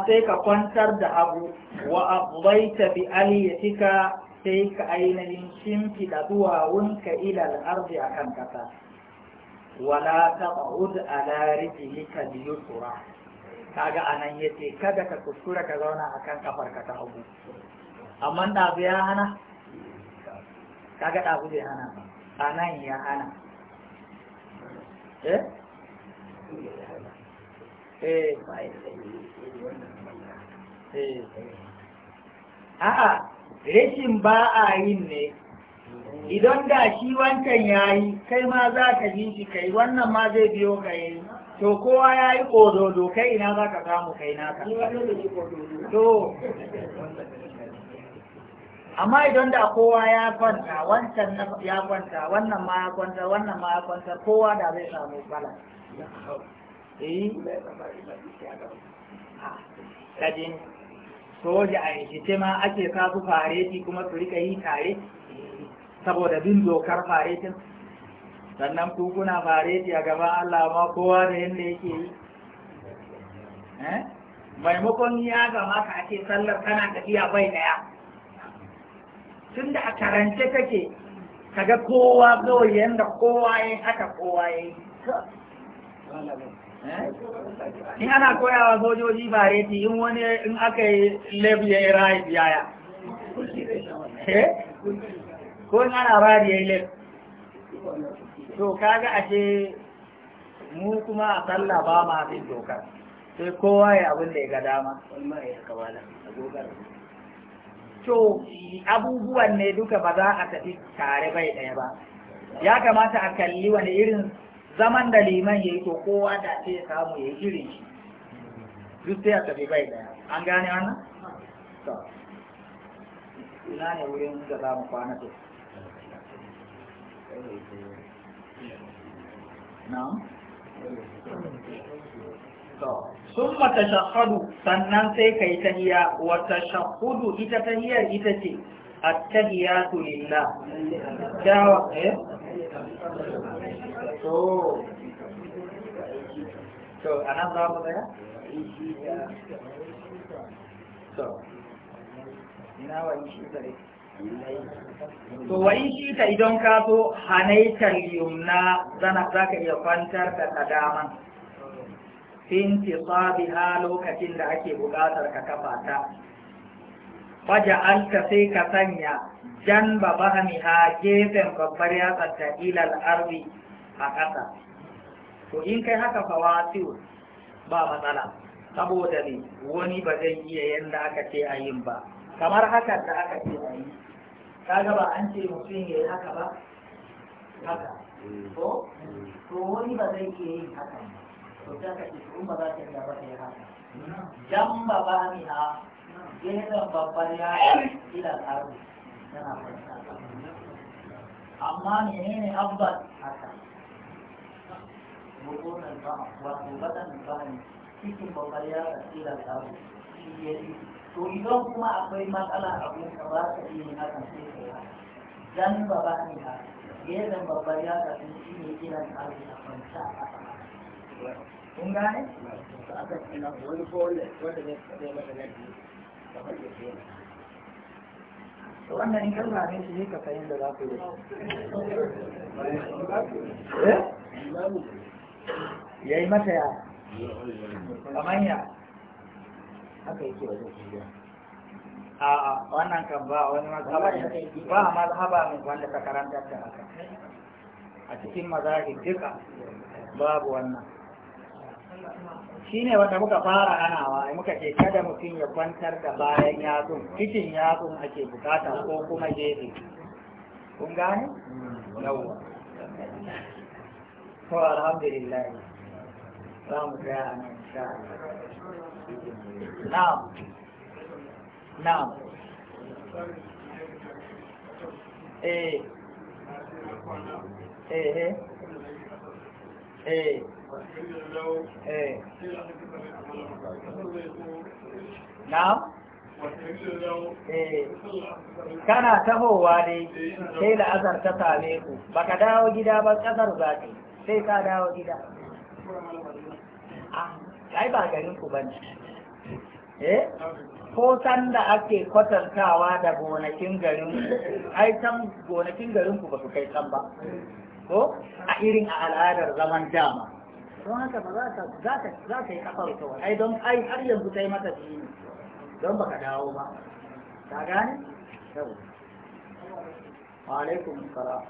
sai ka kwantar da abu wa abubaita bi aliyatika sai ka ainihin shimfiɗa duwawunka ilal arzi a kan ƙasa wala ta ƙa'ud ala rijilika liyukura kaga anan yace kada ka kuskura ka zauna akan kafar ka ta hagu amma ɗab'u ya hana kaga ɗab'u zai hana A anan ya hana eh eh eh a'a rashin ba a yin ne idan da shi wancan ya yi kai ma za ka yi shi kai wannan ma zai biyo ka yi to kowa ya yi ƙododo kai ina za ka samu kai ka to amma idan da kowa ya kwanta wancan ya kwanta wannan ma ya kwanta wannan ma ya kwanta kowa da zai samu bala eh ah, kajin soja a yi shi ma ake kasu fareti kuma su rika yi tare saboda bin dokar faretin sannan kuna fareti a gaban Allah ma kowa da yadda yake yi eh? maimakon ya kamata ka ake sallar tana tafiya bai daya tun da a karance take kaga kowa kawai yadda kowa ya haka kowa ya yi eh? in ana koyawa sojoji fareti in wani in aka yi lab ya yaya eh? ko in ana rari yi lef to kaga ashe mu kuma a sallah ba ma bin dokar sai kowa ya abin da ya ga dama to abubuwan ne duka ba za a tafi tare bai ɗaya ba ya kamata a kalli wani irin zaman da liman ya yi to kowa da ce ya samu ya yi irin shi duk sai a tafi bai ɗaya an gane wannan? ina ne wurin da za mu kwana to sun mata shahadu sannan sai ka yi tahiya wata shahudu ita tahiyar ita ce a tahiya tu lillah dawa eh to to anan za mu tsaya to ina wa shi to wai shi ta idan ka zo hanaitar yumna zana za iya kwantar da ta daman sabi ha lokacin da ake buƙatar ka kafa ta waje alka sai ka sanya jan babahami ha gefen babbar yatsar ta ilal arbi a ƙasa to in kai haka fawasiu ba matsala saboda ne wani ba zai iya yadda aka ce a yin ba kamar haka da aka ce a yi kaga ba an ce mutum ya yi haka ba haka mm. ko ko mm. wani ba zai iya yin haka to ta ka ce kuma za ta iya ba ta yi haka dan ba ba ni ha gefen babbar ya ila tsaro tana fara amma menene abbas haka rukunan ba wato badan ba ne cikin babbar ya ila tsaro shi ya yi to idan kuma akwai matsala a wurin ka ba ka iya na kan sai ka yi dan baba ne ka gefen babbar ya ka sun shi ne kiran tsari a kwanta a ƙasa kun gane to aka ce na wani bole wanda ne ka zai mata nan ka fage ke to wannan in kalma ne shi ne ka fahimta za ku yi eh? ya yi mata ya kamar ya haka yake wajen a a'a wannan kan ba wani mazhaba ne ba mazhaba ne wanda ta karanta ta haka a cikin mazahib duka babu wannan shine wanda muka fara anawa muka ce kada mutum ya kwantar da bayan yatsun cikin yatsun ake bukata ko kuma gefe kun gane yawwa to alhamdulillah za mu tsaya a nan na'am eh. Eh, eh. kana tahowa ne sai da azar ta same ku baka dawo gida ba kasar zaki sai ka dawo gida ai ba garin ku bane eh ko san da ake kwatantawa da gonakin garin ai san gonakin garin ku ba su kai san ba ko a irin a al'adar zaman dama don haka ba za ka za ka yi kafar ta ai don ai har yanzu kai mata ji don baka dawo ba ka gane wa alaikum salam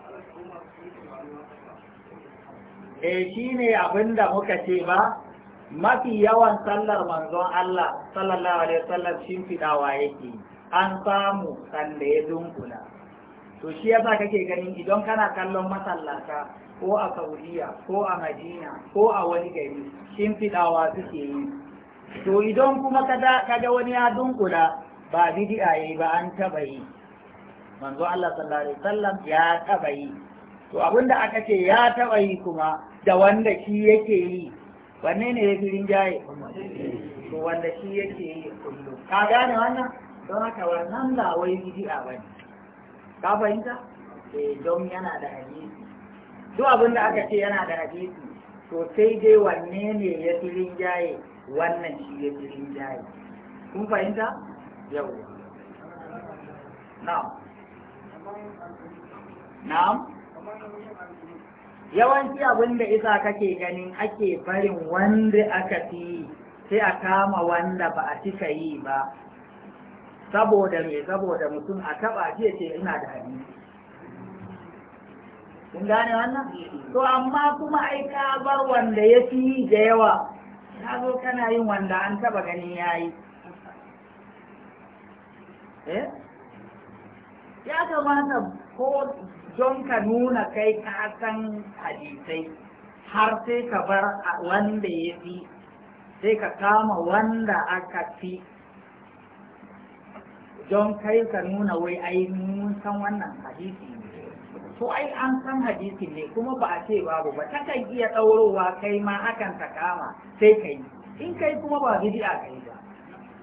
eh shine abinda muka ce ba mafi yawan sallar manzon Allah sallallahu alaihi wasallam fidawa yake an samu sanda ya dunkula to shi yasa kake ganin idan kana kallon masallata ko a Saudiya ko a Madina ko a wani gari fidawa suke yi to idan kuma kaga wani ya dunkula ba bid'a yayi ba an taba yi manzo Allah sallallahu alaihi wasallam ya taba yi to abinda aka ce ya taba yi kuma da wanda shi yake yi wanne ne ya fi rinjaye to wanda shi yake yi kullum ka gane wannan don haka wannan ba wai a bane ka fahimta eh don yana da hadisi duk abin da aka ce yana da hadisi to sai dai wanne ne ya fi rinjaye wannan shi ya fi rinjaye kun fahimta yau na'am na'am yawanci abin da isa kake ganin ake barin wanda aka fi sai a kama wanda ba a cika yi ba saboda me saboda mutum a taba ce ce ina da hannu kun gane wannan to amma kuma ai ka bar wanda ya fi da yawa ka zo kana yin wanda an taba ganin yi eh ya kamata ko don ka nuna kai ka san hadisai har sai ka bar wanda ya fi sai ka kama wanda aka fi don kai ka nuna wai ai mun san wannan hadisi ne. to ai an san hadisi ne kuma ba a ce babu ba ta kan iya ɗaurowa kai ma akan ta kama sai ka yi in kai kuma ba bid'a kai ba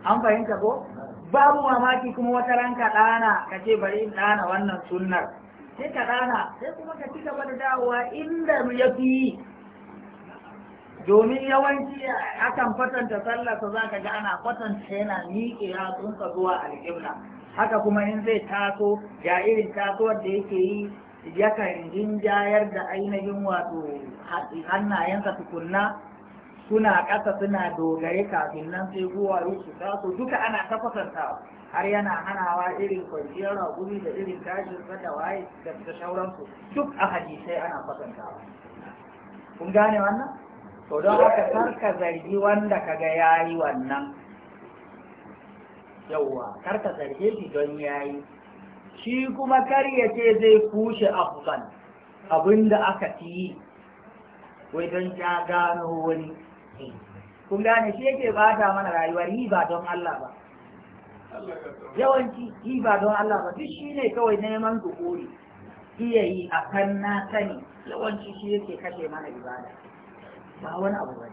an fahimta ko babu mamaki kuma wata ranka ɗana ka ce bari in ɗana wannan sunnar sai ka rana sai kuma ka ci gaba da dawowa inda ya fi domin yawanci akan kwatanta sallasa za ka ga ana kwatanta yana miƙe yatsunsa zuwa alƙibla haka kuma in zai taso ga irin tasowar da yake yi yakan jinjayar da ainihin wato hannayensa tukunna suna ƙasa suna dogare kafin nan sai zuwa su taso duka ana ta har yana hanawa irin kwanciyar ragumi da irin tashin da waye da sauransu duk a hadisai ana kwatantawa kun gane wannan to don haka kar ka zargi wanda kaga yi wannan yauwa kar ka zarge shi don ya yi. shi kuma kar ya ce zai kushe abin abinda aka fi wai don ya gano wani kun gane shi yake bata mana rayuwar yi ba don Allah ba yawanci yi ba don Allah ba duk shi ne kawai neman zuhuri iya yi a kan na sani yawanci shi yake kashe mana ibada ba wani abu ba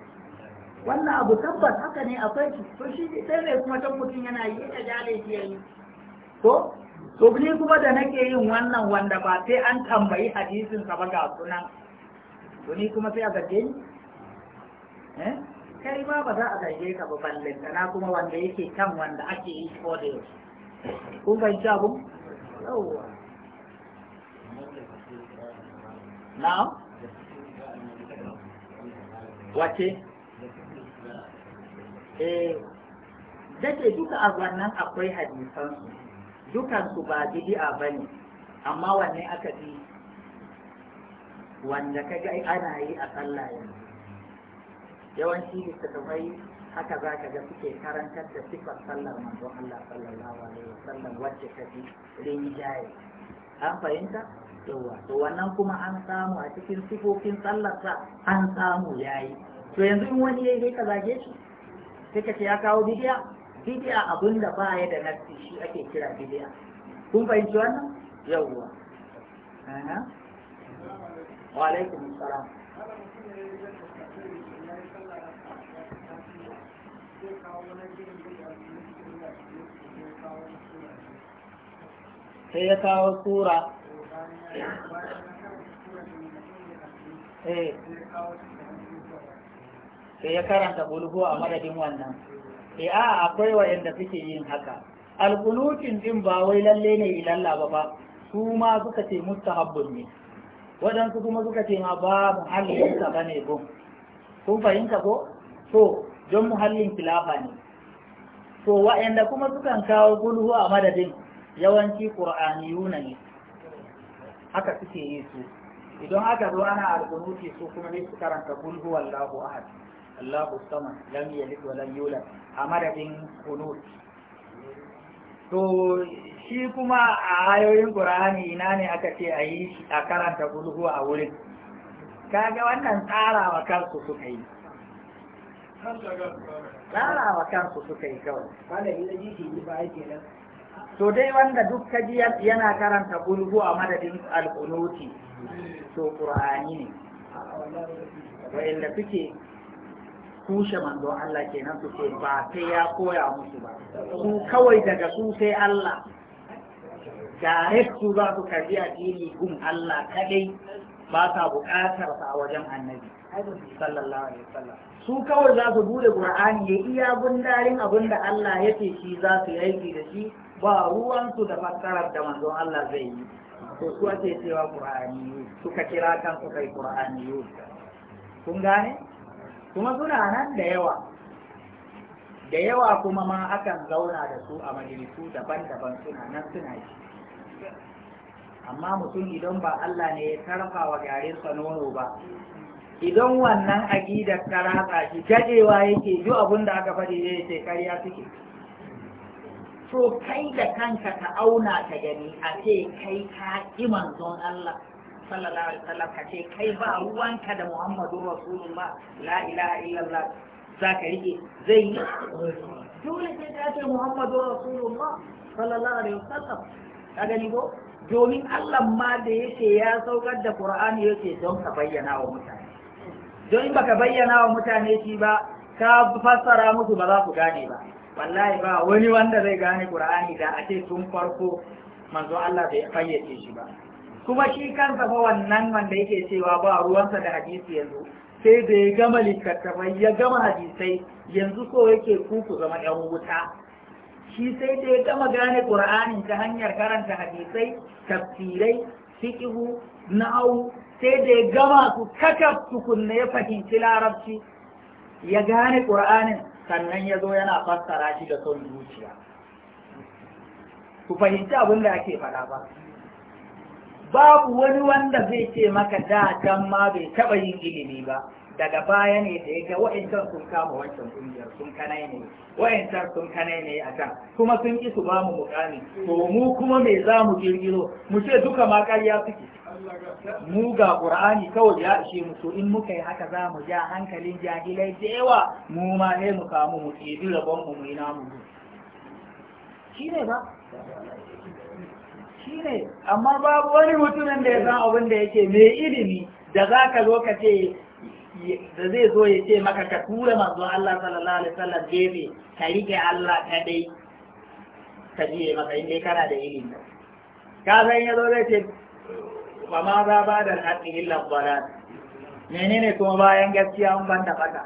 wannan abu tabbas haka ne akwai shi to shi sai ne kuma can mutum yana yi ita jale shi yi. to to ni kuma da nake yin wannan wanda ba sai an tambayi hadisin sa ba ga sunan to ni kuma sai a gaje eh kai ma ba za a zage ka ba na kuma wanda yake kan wanda ake yi ko da yau kun fahimci abu yawa na wace eh ke duka a wannan akwai hadisan dukan su ba a bane amma wanne aka bi wanda kaga ana yi a sallah yanzu yawanci littattafai haka za ka ga suke karantar da sifar sallar manzon Allah sallallahu alaihi wasallam wacce ta fi rinjaye an fahimta yawa to wannan kuma an samu a cikin sifofin sallarsa an samu yayi to yanzu in wani yayi ka zage shi sai ka ce ya kawo bidiya bidiya abin da ba ya da nafsi shi ake kira bidiya kun fahimci wannan yawwa wa alaikum salam sai ya kawo sura eh. sai ya karanta bulhu a madadin wannan sai eh, a akwai wa'anda suke yin haka alkunutin din ba wai lalle ne ilalla ba ba su ma suka ce habbun ne waɗansu kuma suka ce ma ba muhallinsa ba ne gun kun fahimta ko to don muhallin filafa ne to waɗanda kuma sukan kawo gulhu a madadin yawanci yuna ne haka suke yi su idan aka zo ana alƙunuti su kuma ne su karanta gulhu wallahu ahad Allahu samad lam yalid wa lam yulad a madadin qunut to shi kuma a ayoyin ƙura'ani ina ne aka ce a yi a karanta gulhu a wurin kaga wannan tsarawa kansu suka yi tsara wa kansu suka yi kawai malami jiki ba yake nan to dai wanda duk kaji yana karanta bulhu a madadin alƙunuti to qur'ani ne wa'inda suke kushe manzo Allah ke su ce ba sai ya koya musu ba Ku kawai daga su sai Allah Ga su za su karbi addini gun Allah kadai ba sa buƙatar sa wajen annabi sallallahu alaihi wasallam su kawai za su bude qur'ani ya iya gundarin abin da Allah ya ce shi za su aiki da shi ba ruwan su da fassarar da manzon Allah zai yi to su ake cewa qur'ani suka kira kan su kai qur'ani kun gane kuma suna nan da yawa da yawa kuma ma akan zauna da su a majalisu daban-daban suna nan suna yi amma mutum idan ba Allah ne ya tarfa wa garinsa nono ba idan wannan aƙidar ta ratsa shi jadewa yake duk abin da aka faɗi ne sai kariya suke to kai da kanka ka auna ka gani a ce kai ka ƙi manzon Allah sallallahu alaihi wasallam ka ce kai ba ruwanka da Muhammadu Rasulullah la ilaha illallah za ka rike zai yi dole sai ka ce Muhammadu Rasulullah sallallahu alaihi wasallam ka gani ko domin Allah ma da yake ya saukar da Qur'ani yake don ka bayyana wa mutane don baka bayyana wa mutane shi ba ka fassara musu ba za ku gane ba wallahi ba wani wanda zai gane qur'ani da ake sun farko manzo Allah bai fayyace shi ba kuma shi kansa fa wannan wanda yake cewa ba ruwansa da hadisi yanzu sai da ya gama littattafai ya gama hadisai yanzu ko yake kuku zama yan wuta shi sai da ya gama gane qur'anin ta hanyar karanta hadisai tafsirai fiqhu na'u sai da ya gama su kakaf tukunna ya fahimci larabci ya gane Ƙur'ani sannan ya zo yana fassara shi da son zuciya ku fahimci abin da ake faɗa ba babu wani wanda zai ce maka da ma bai taɓa yin ilimi ba daga baya ne da ya ga wa'incan sun kama wancan kungiyar sun kanai ne wa'incan sun kanai ne a can kuma sun ki su ba mu mukami to mu kuma me za mu girgiro mu ce duka ma ƙarya suke mu ga qur'ani kawai ya ishe mu to in muka yi haka za mu ja hankalin jahilai da yawa mu ma ne mu kamu mu ɗebi ban mu mu yi namu shi ne ba shi ne amma babu wani mutumin da ya san abin da yake mai ilimi da za ka zo ka ce da zai zo ya ce maka ka tura masu Allah sallallahu alaihi wasallam gefe ka rike Allah kadai ka je maka in dai kana da ilimi ka san ya zo zai ce ba ma za ba da haƙƙi illa balad menene kuma bayan gaskiya mun ban da fata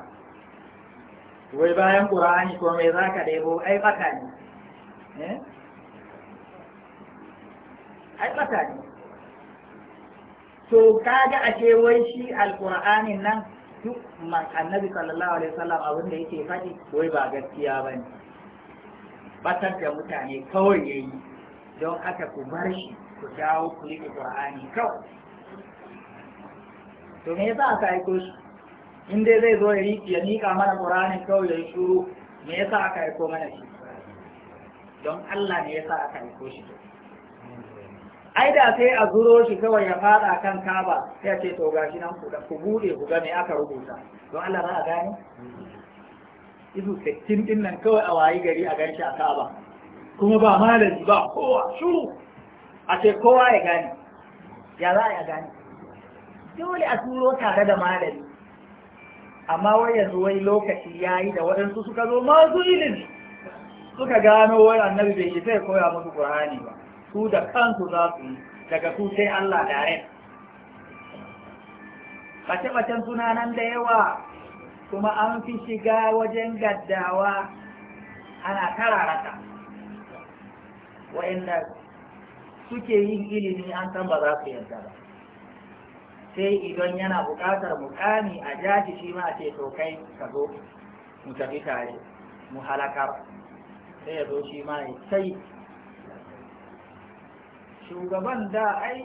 wai bayan qur'ani ko me zaka debo ai fata ne eh ai fata ne to kaga ake wai shi alqur'anin nan duk annabi sallallahu alaihi wasallam abin da yake faɗi wai ba gaskiya ba ne batar da mutane kawai ya yi don haka ku bar shi ku dawo ku riƙe ƙur'ani kawai to me yasa aka aiko shi in dai zai zo ya riƙe ya miƙa mana ƙur'anin kawai ya yi shuru me yasa aka aiko mana shi don Allah ne yasa aka aiko shi to ai da sai a zuro shi kawai ya fada kan kaba sai ce to gashi nan ku ku bude ku ga me aka rubuta don Allah za a gane izu 60 din nan kawai a wayi gari a ganshi a kaba kuma ba malami ba kowa shu a ce kowa ya gane ya za a gane dole a turo tare da malami amma wai yanzu wai lokaci ya yi da waɗansu suka zo masu ilimi suka gano wai annabi bai yi sai koya musu qur'ani ba su da kansu za su yi daga su sai Allah dare bace-bacen suna nan da yawa kuma an fi shiga wajen gaddawa ana tararata wa'inda suke yin ilimi an san ba za su yarda ba sai idan yana buƙatar mukami a jaji shi ma ce to kai ka zo mu tafi tare mu halakar sai ya zo shi ma ya sai shugaban da ai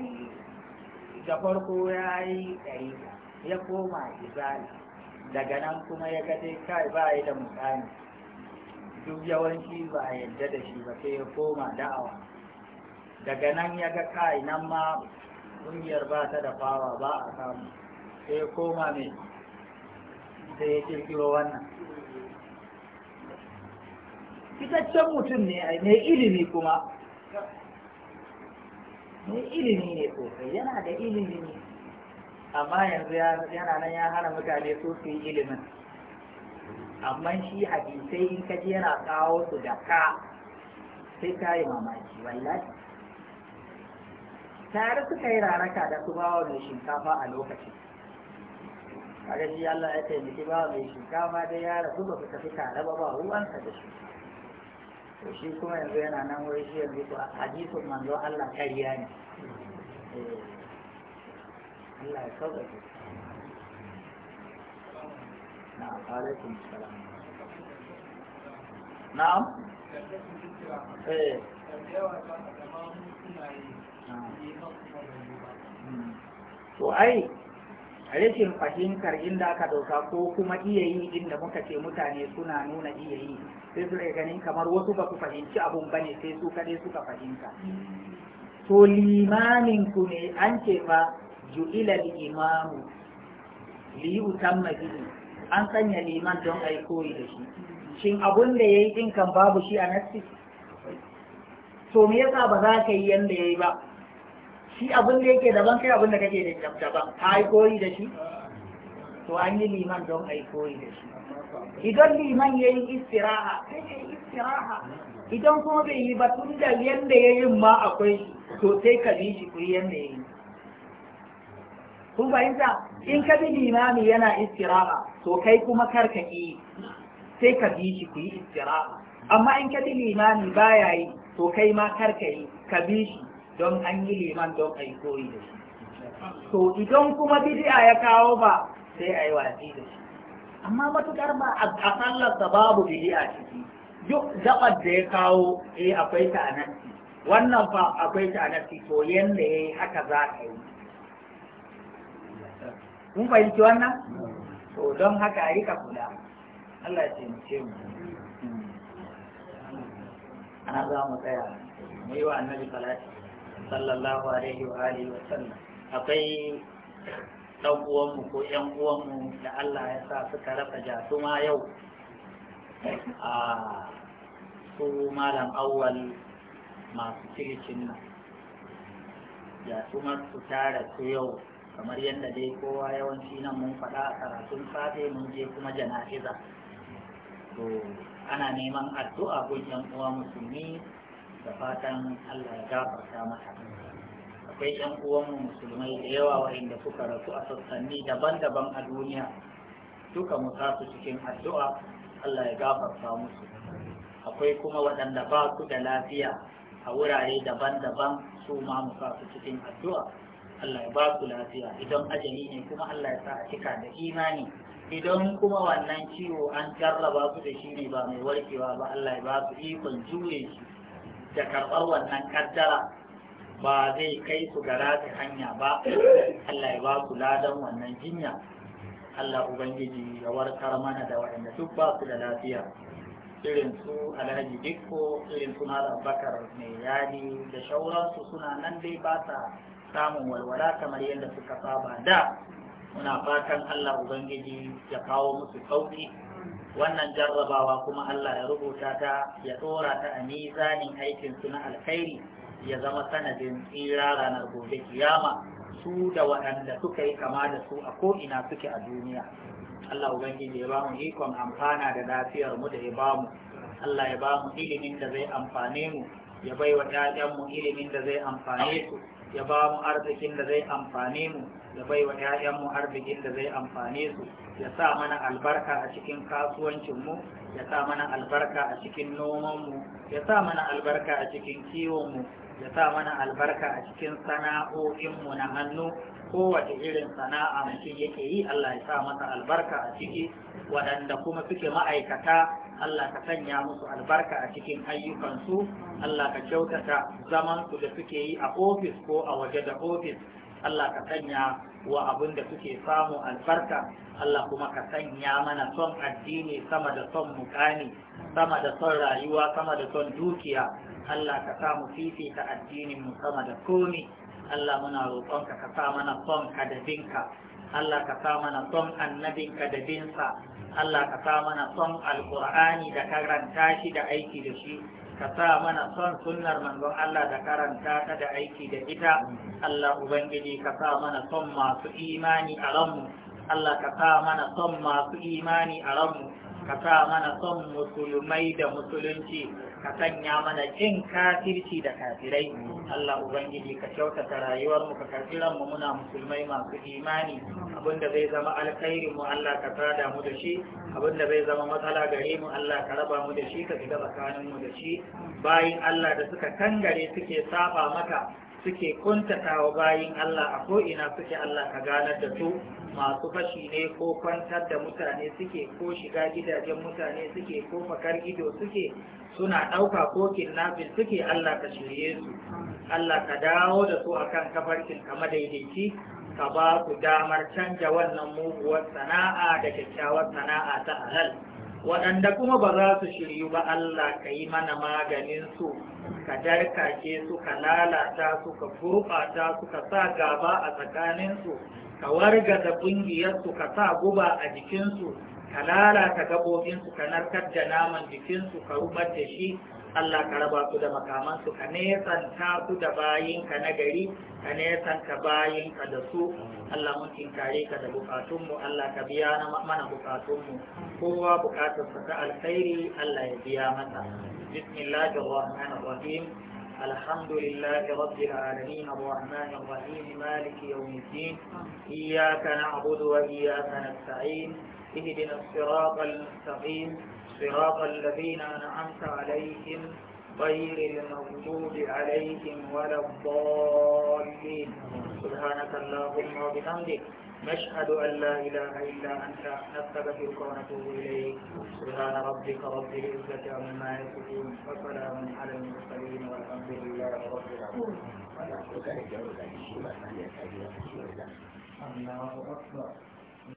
da farko ya yi ɗarika ya koma izali daga nan kuma ya gade kai ba yi da mutane duk yawanci ba a yadda da shi ba sai ya koma da'awa daga nan ya ga kai nan ma ƙungiyar ba ta da fawa ba a samu sai ya koma mai sai ya kirkiro wannan fitaccen mutum ne mai ilimi kuma ne ilimi ne sosai yana da ilimi ne amma yanzu yana nan ya hana mutane so su yi ilimin amma shi hadisai in kaji yana kawo su da ka sai ka yi mamaki wallahi tare suka yi ranaka da su bawa mai shinkafa a lokacin kaga shi Allah ya taimaki bawa mai shinkafa da yara su ba su tafi tare ba ba ka da shi to shi kuma yanzu yana nan wai shi yanzu ko hadisin manzo Allah kariya ne eh, Allah ya sauƙaƙe na alaikum salam na'am eh hmm. to ai rashin fahimtar inda aka dauka ko kuma iya yi inda muka ce mutane suna nuna iya yi sai su ganin kamar wasu ba su fahimci abun bane sai su kaɗai suka fahimta to limamin ku ne an ce fa ju'ila limamu liyu tamma bihi an sanya liman don ai koyi da shi shin abun da yayi din kan babu shi a nafsi to me yasa ba za ka yi yanda yayi ba shi abin da yake daban kai abin da kake da daban ka yi koyi da shi to an yi liman don a yi koyi da shi idan liman ya yi istiraha sai ya yi istiraha idan kuma bai yi ba tun da yadda ya yi ma akwai to sai ka bi shi kuri yadda ya yi kun fahimta in ka bi limami yana istiraha to kai kuma kar ka yi sai ka bi shi kuri istiraha amma in ka bi limami baya yi to kai ma kar ka yi ka bi shi don an yi liman don a yi koyi da shi to idan kuma bid'a ya kawo ba sai a yi watsi da shi amma matuƙar ba a da babu bid'a ciki duk zaɓar da ya kawo eh akwai ta a wannan fa akwai ta a to yanda ya yi haka za ka yi kun fahimci wannan to don haka a rika kula Allah ya taimake mu ana za mu tsaya mu yi wa annabi salati sallallahu alaihi wa alihi wa sallam akwai dan uwanmu ko yan uwanmu da Allah ya sa suka rasa jasuma yau a su malam awwal masu cikin nan jasumar su tara su yau kamar yadda dai kowa yawanci nan mun faɗa a karatun safe mun je kuma jana'iza to ana neman addu'a gun yan uwa musulmi da fatan Allah ya gafarta masa akwai yan uwanmu musulmai da yawa waɗanda suka rasu a sassanni daban-daban a duniya duka mu su cikin addu'a Allah ya gafarta musu akwai kuma waɗanda ba su da lafiya a wurare daban-daban su ma mu su cikin addu'a Allah ya ba su lafiya idan ajali ne kuma Allah ya sa a cika da imani idan kuma wannan ciwo an jarraba su da shi ne ba mai warkewa ba Allah ya ba su ikon jure shi da karɓar wannan kaddara ba zai kai su gara ta hanya ba Allah ya ba su ladan wannan jinya Allah Ubangiji ya warkar mana da waɗanda duk ba su da lafiya irin su alhaji dikko irin su malam bakar mai yadi da shauransu suna nan dai ba sa samun walwala kamar yadda suka saba da muna fatan Allah Ubangiji ya kawo musu sauki wannan jarrabawa kuma Allah ya rubuta ta ya tsora ta a mizanin aikin su na alkhairi ya zama sanadin tsira ranar gobe kiyama su da waɗanda suka yi kama da su a ko'ina suke a duniya Allah ubangiji ya bamu ikon amfana da lafiyar mu da ya bamu Allah ya bamu ilimin da zai amfane mu ya bai wa mu ilimin da zai amfane su ya ba mu arzikin da zai amfane mu ya bai wa 'ya'yanmu arzikin da zai amfane su ya sa mana albarka a cikin kasuwancinmu ya sa mana albarka a cikin nomanmu ya sa mana albarka a cikin kiwonmu ya sa mana albarka a cikin sana'o'inmu na hannu kowace irin sana'a mutum yake yi Allah ya sa masa albarka a ciki waɗanda kuma suke ma'aikata Allah ka sanya musu albarka a cikin ayyukansu Allah ka kyautata zaman su da suke yi a ofis ko a waje da ofis Allah ka sanya wa abin da suke samu albarka Allah kuma ka sanya mana son addini sama da son mukami sama da son rayuwa sama da son dukiya Allah ka sa mu fifita addinin mu sama da komi Allah muna roƙonka ka sa mana son kadabinka Allah ka sa mana son annabinka da binsa Allah ka sa mana son Alƙur'ani da karanta shi da aiki da shi ka sa mana son sunnar manzon Allah da karanta ta da aiki da ita Allah ubangiji ka sa mana son masu imani a ranmu Allah ka sa mana son masu imani a ranmu ka sa mana son musulmai da musulunci ka sanya mana jin kafirci da kafirai Allah ubangiji ka kyautata rayuwar mu ka karbi mu muna musulmai masu imani abinda zai zama alkhairi mu Allah ka tada mu da shi abinda zai zama matsala gare mu Allah ka raba mu da shi ka shiga tsakanin mu da shi bayin Allah da suka kangare suke saba maka suke kuntatawa bayin Allah a ko'ina suke Allah ka ganar da su masu fashi ne ko kwantar da mutane suke ko shiga gidajen mutane suke ko fakar ido suke suna ɗauka ko kidnapping suke Allah ka shirye su Allah ka dawo da su akan kafarkin ka madaidaici ka ba ku damar canja wannan muguwar sana'a da kyakkyawar sana'a ta halal waɗanda kuma ba za su shiryu ba Allah ka yi mana maganin su ka darkake su ka lalata su ka gurɓata su ka sa gaba a tsakaninsu ka wargaza ƙungiyarsu ka sa guba a jikinsu ka lalata gaɓoɓinsu ka narkar da naman jikinsu ka rubar da shi Allah ka raba su da makamansu ka nesanta su da bayinka na gari ka nesanta bayinka da su Allah mun tinkare ka da bukatunmu Allah ka biya mana bukatunmu kowa bukatarsa ta alkhairi Allah ya biya mata bismillahir rahmanir rahim الحمد لله رب العالمين الرحمن الرحيم مالك يوم الدين إياك نعبد وإياك نستعين اهدنا الصراط المستقيم صراط الذين أنعمت عليهم غير المغضوب عليهم ولا الضالين سبحانك اللهم وبحمدك نشهد أن لا إله إلا أنت نستغفرك ونتوب إليك سبحان ربك رب العزة عما يصفون وسلام على المرسلين والحمد لله رب العالمين الله أكبر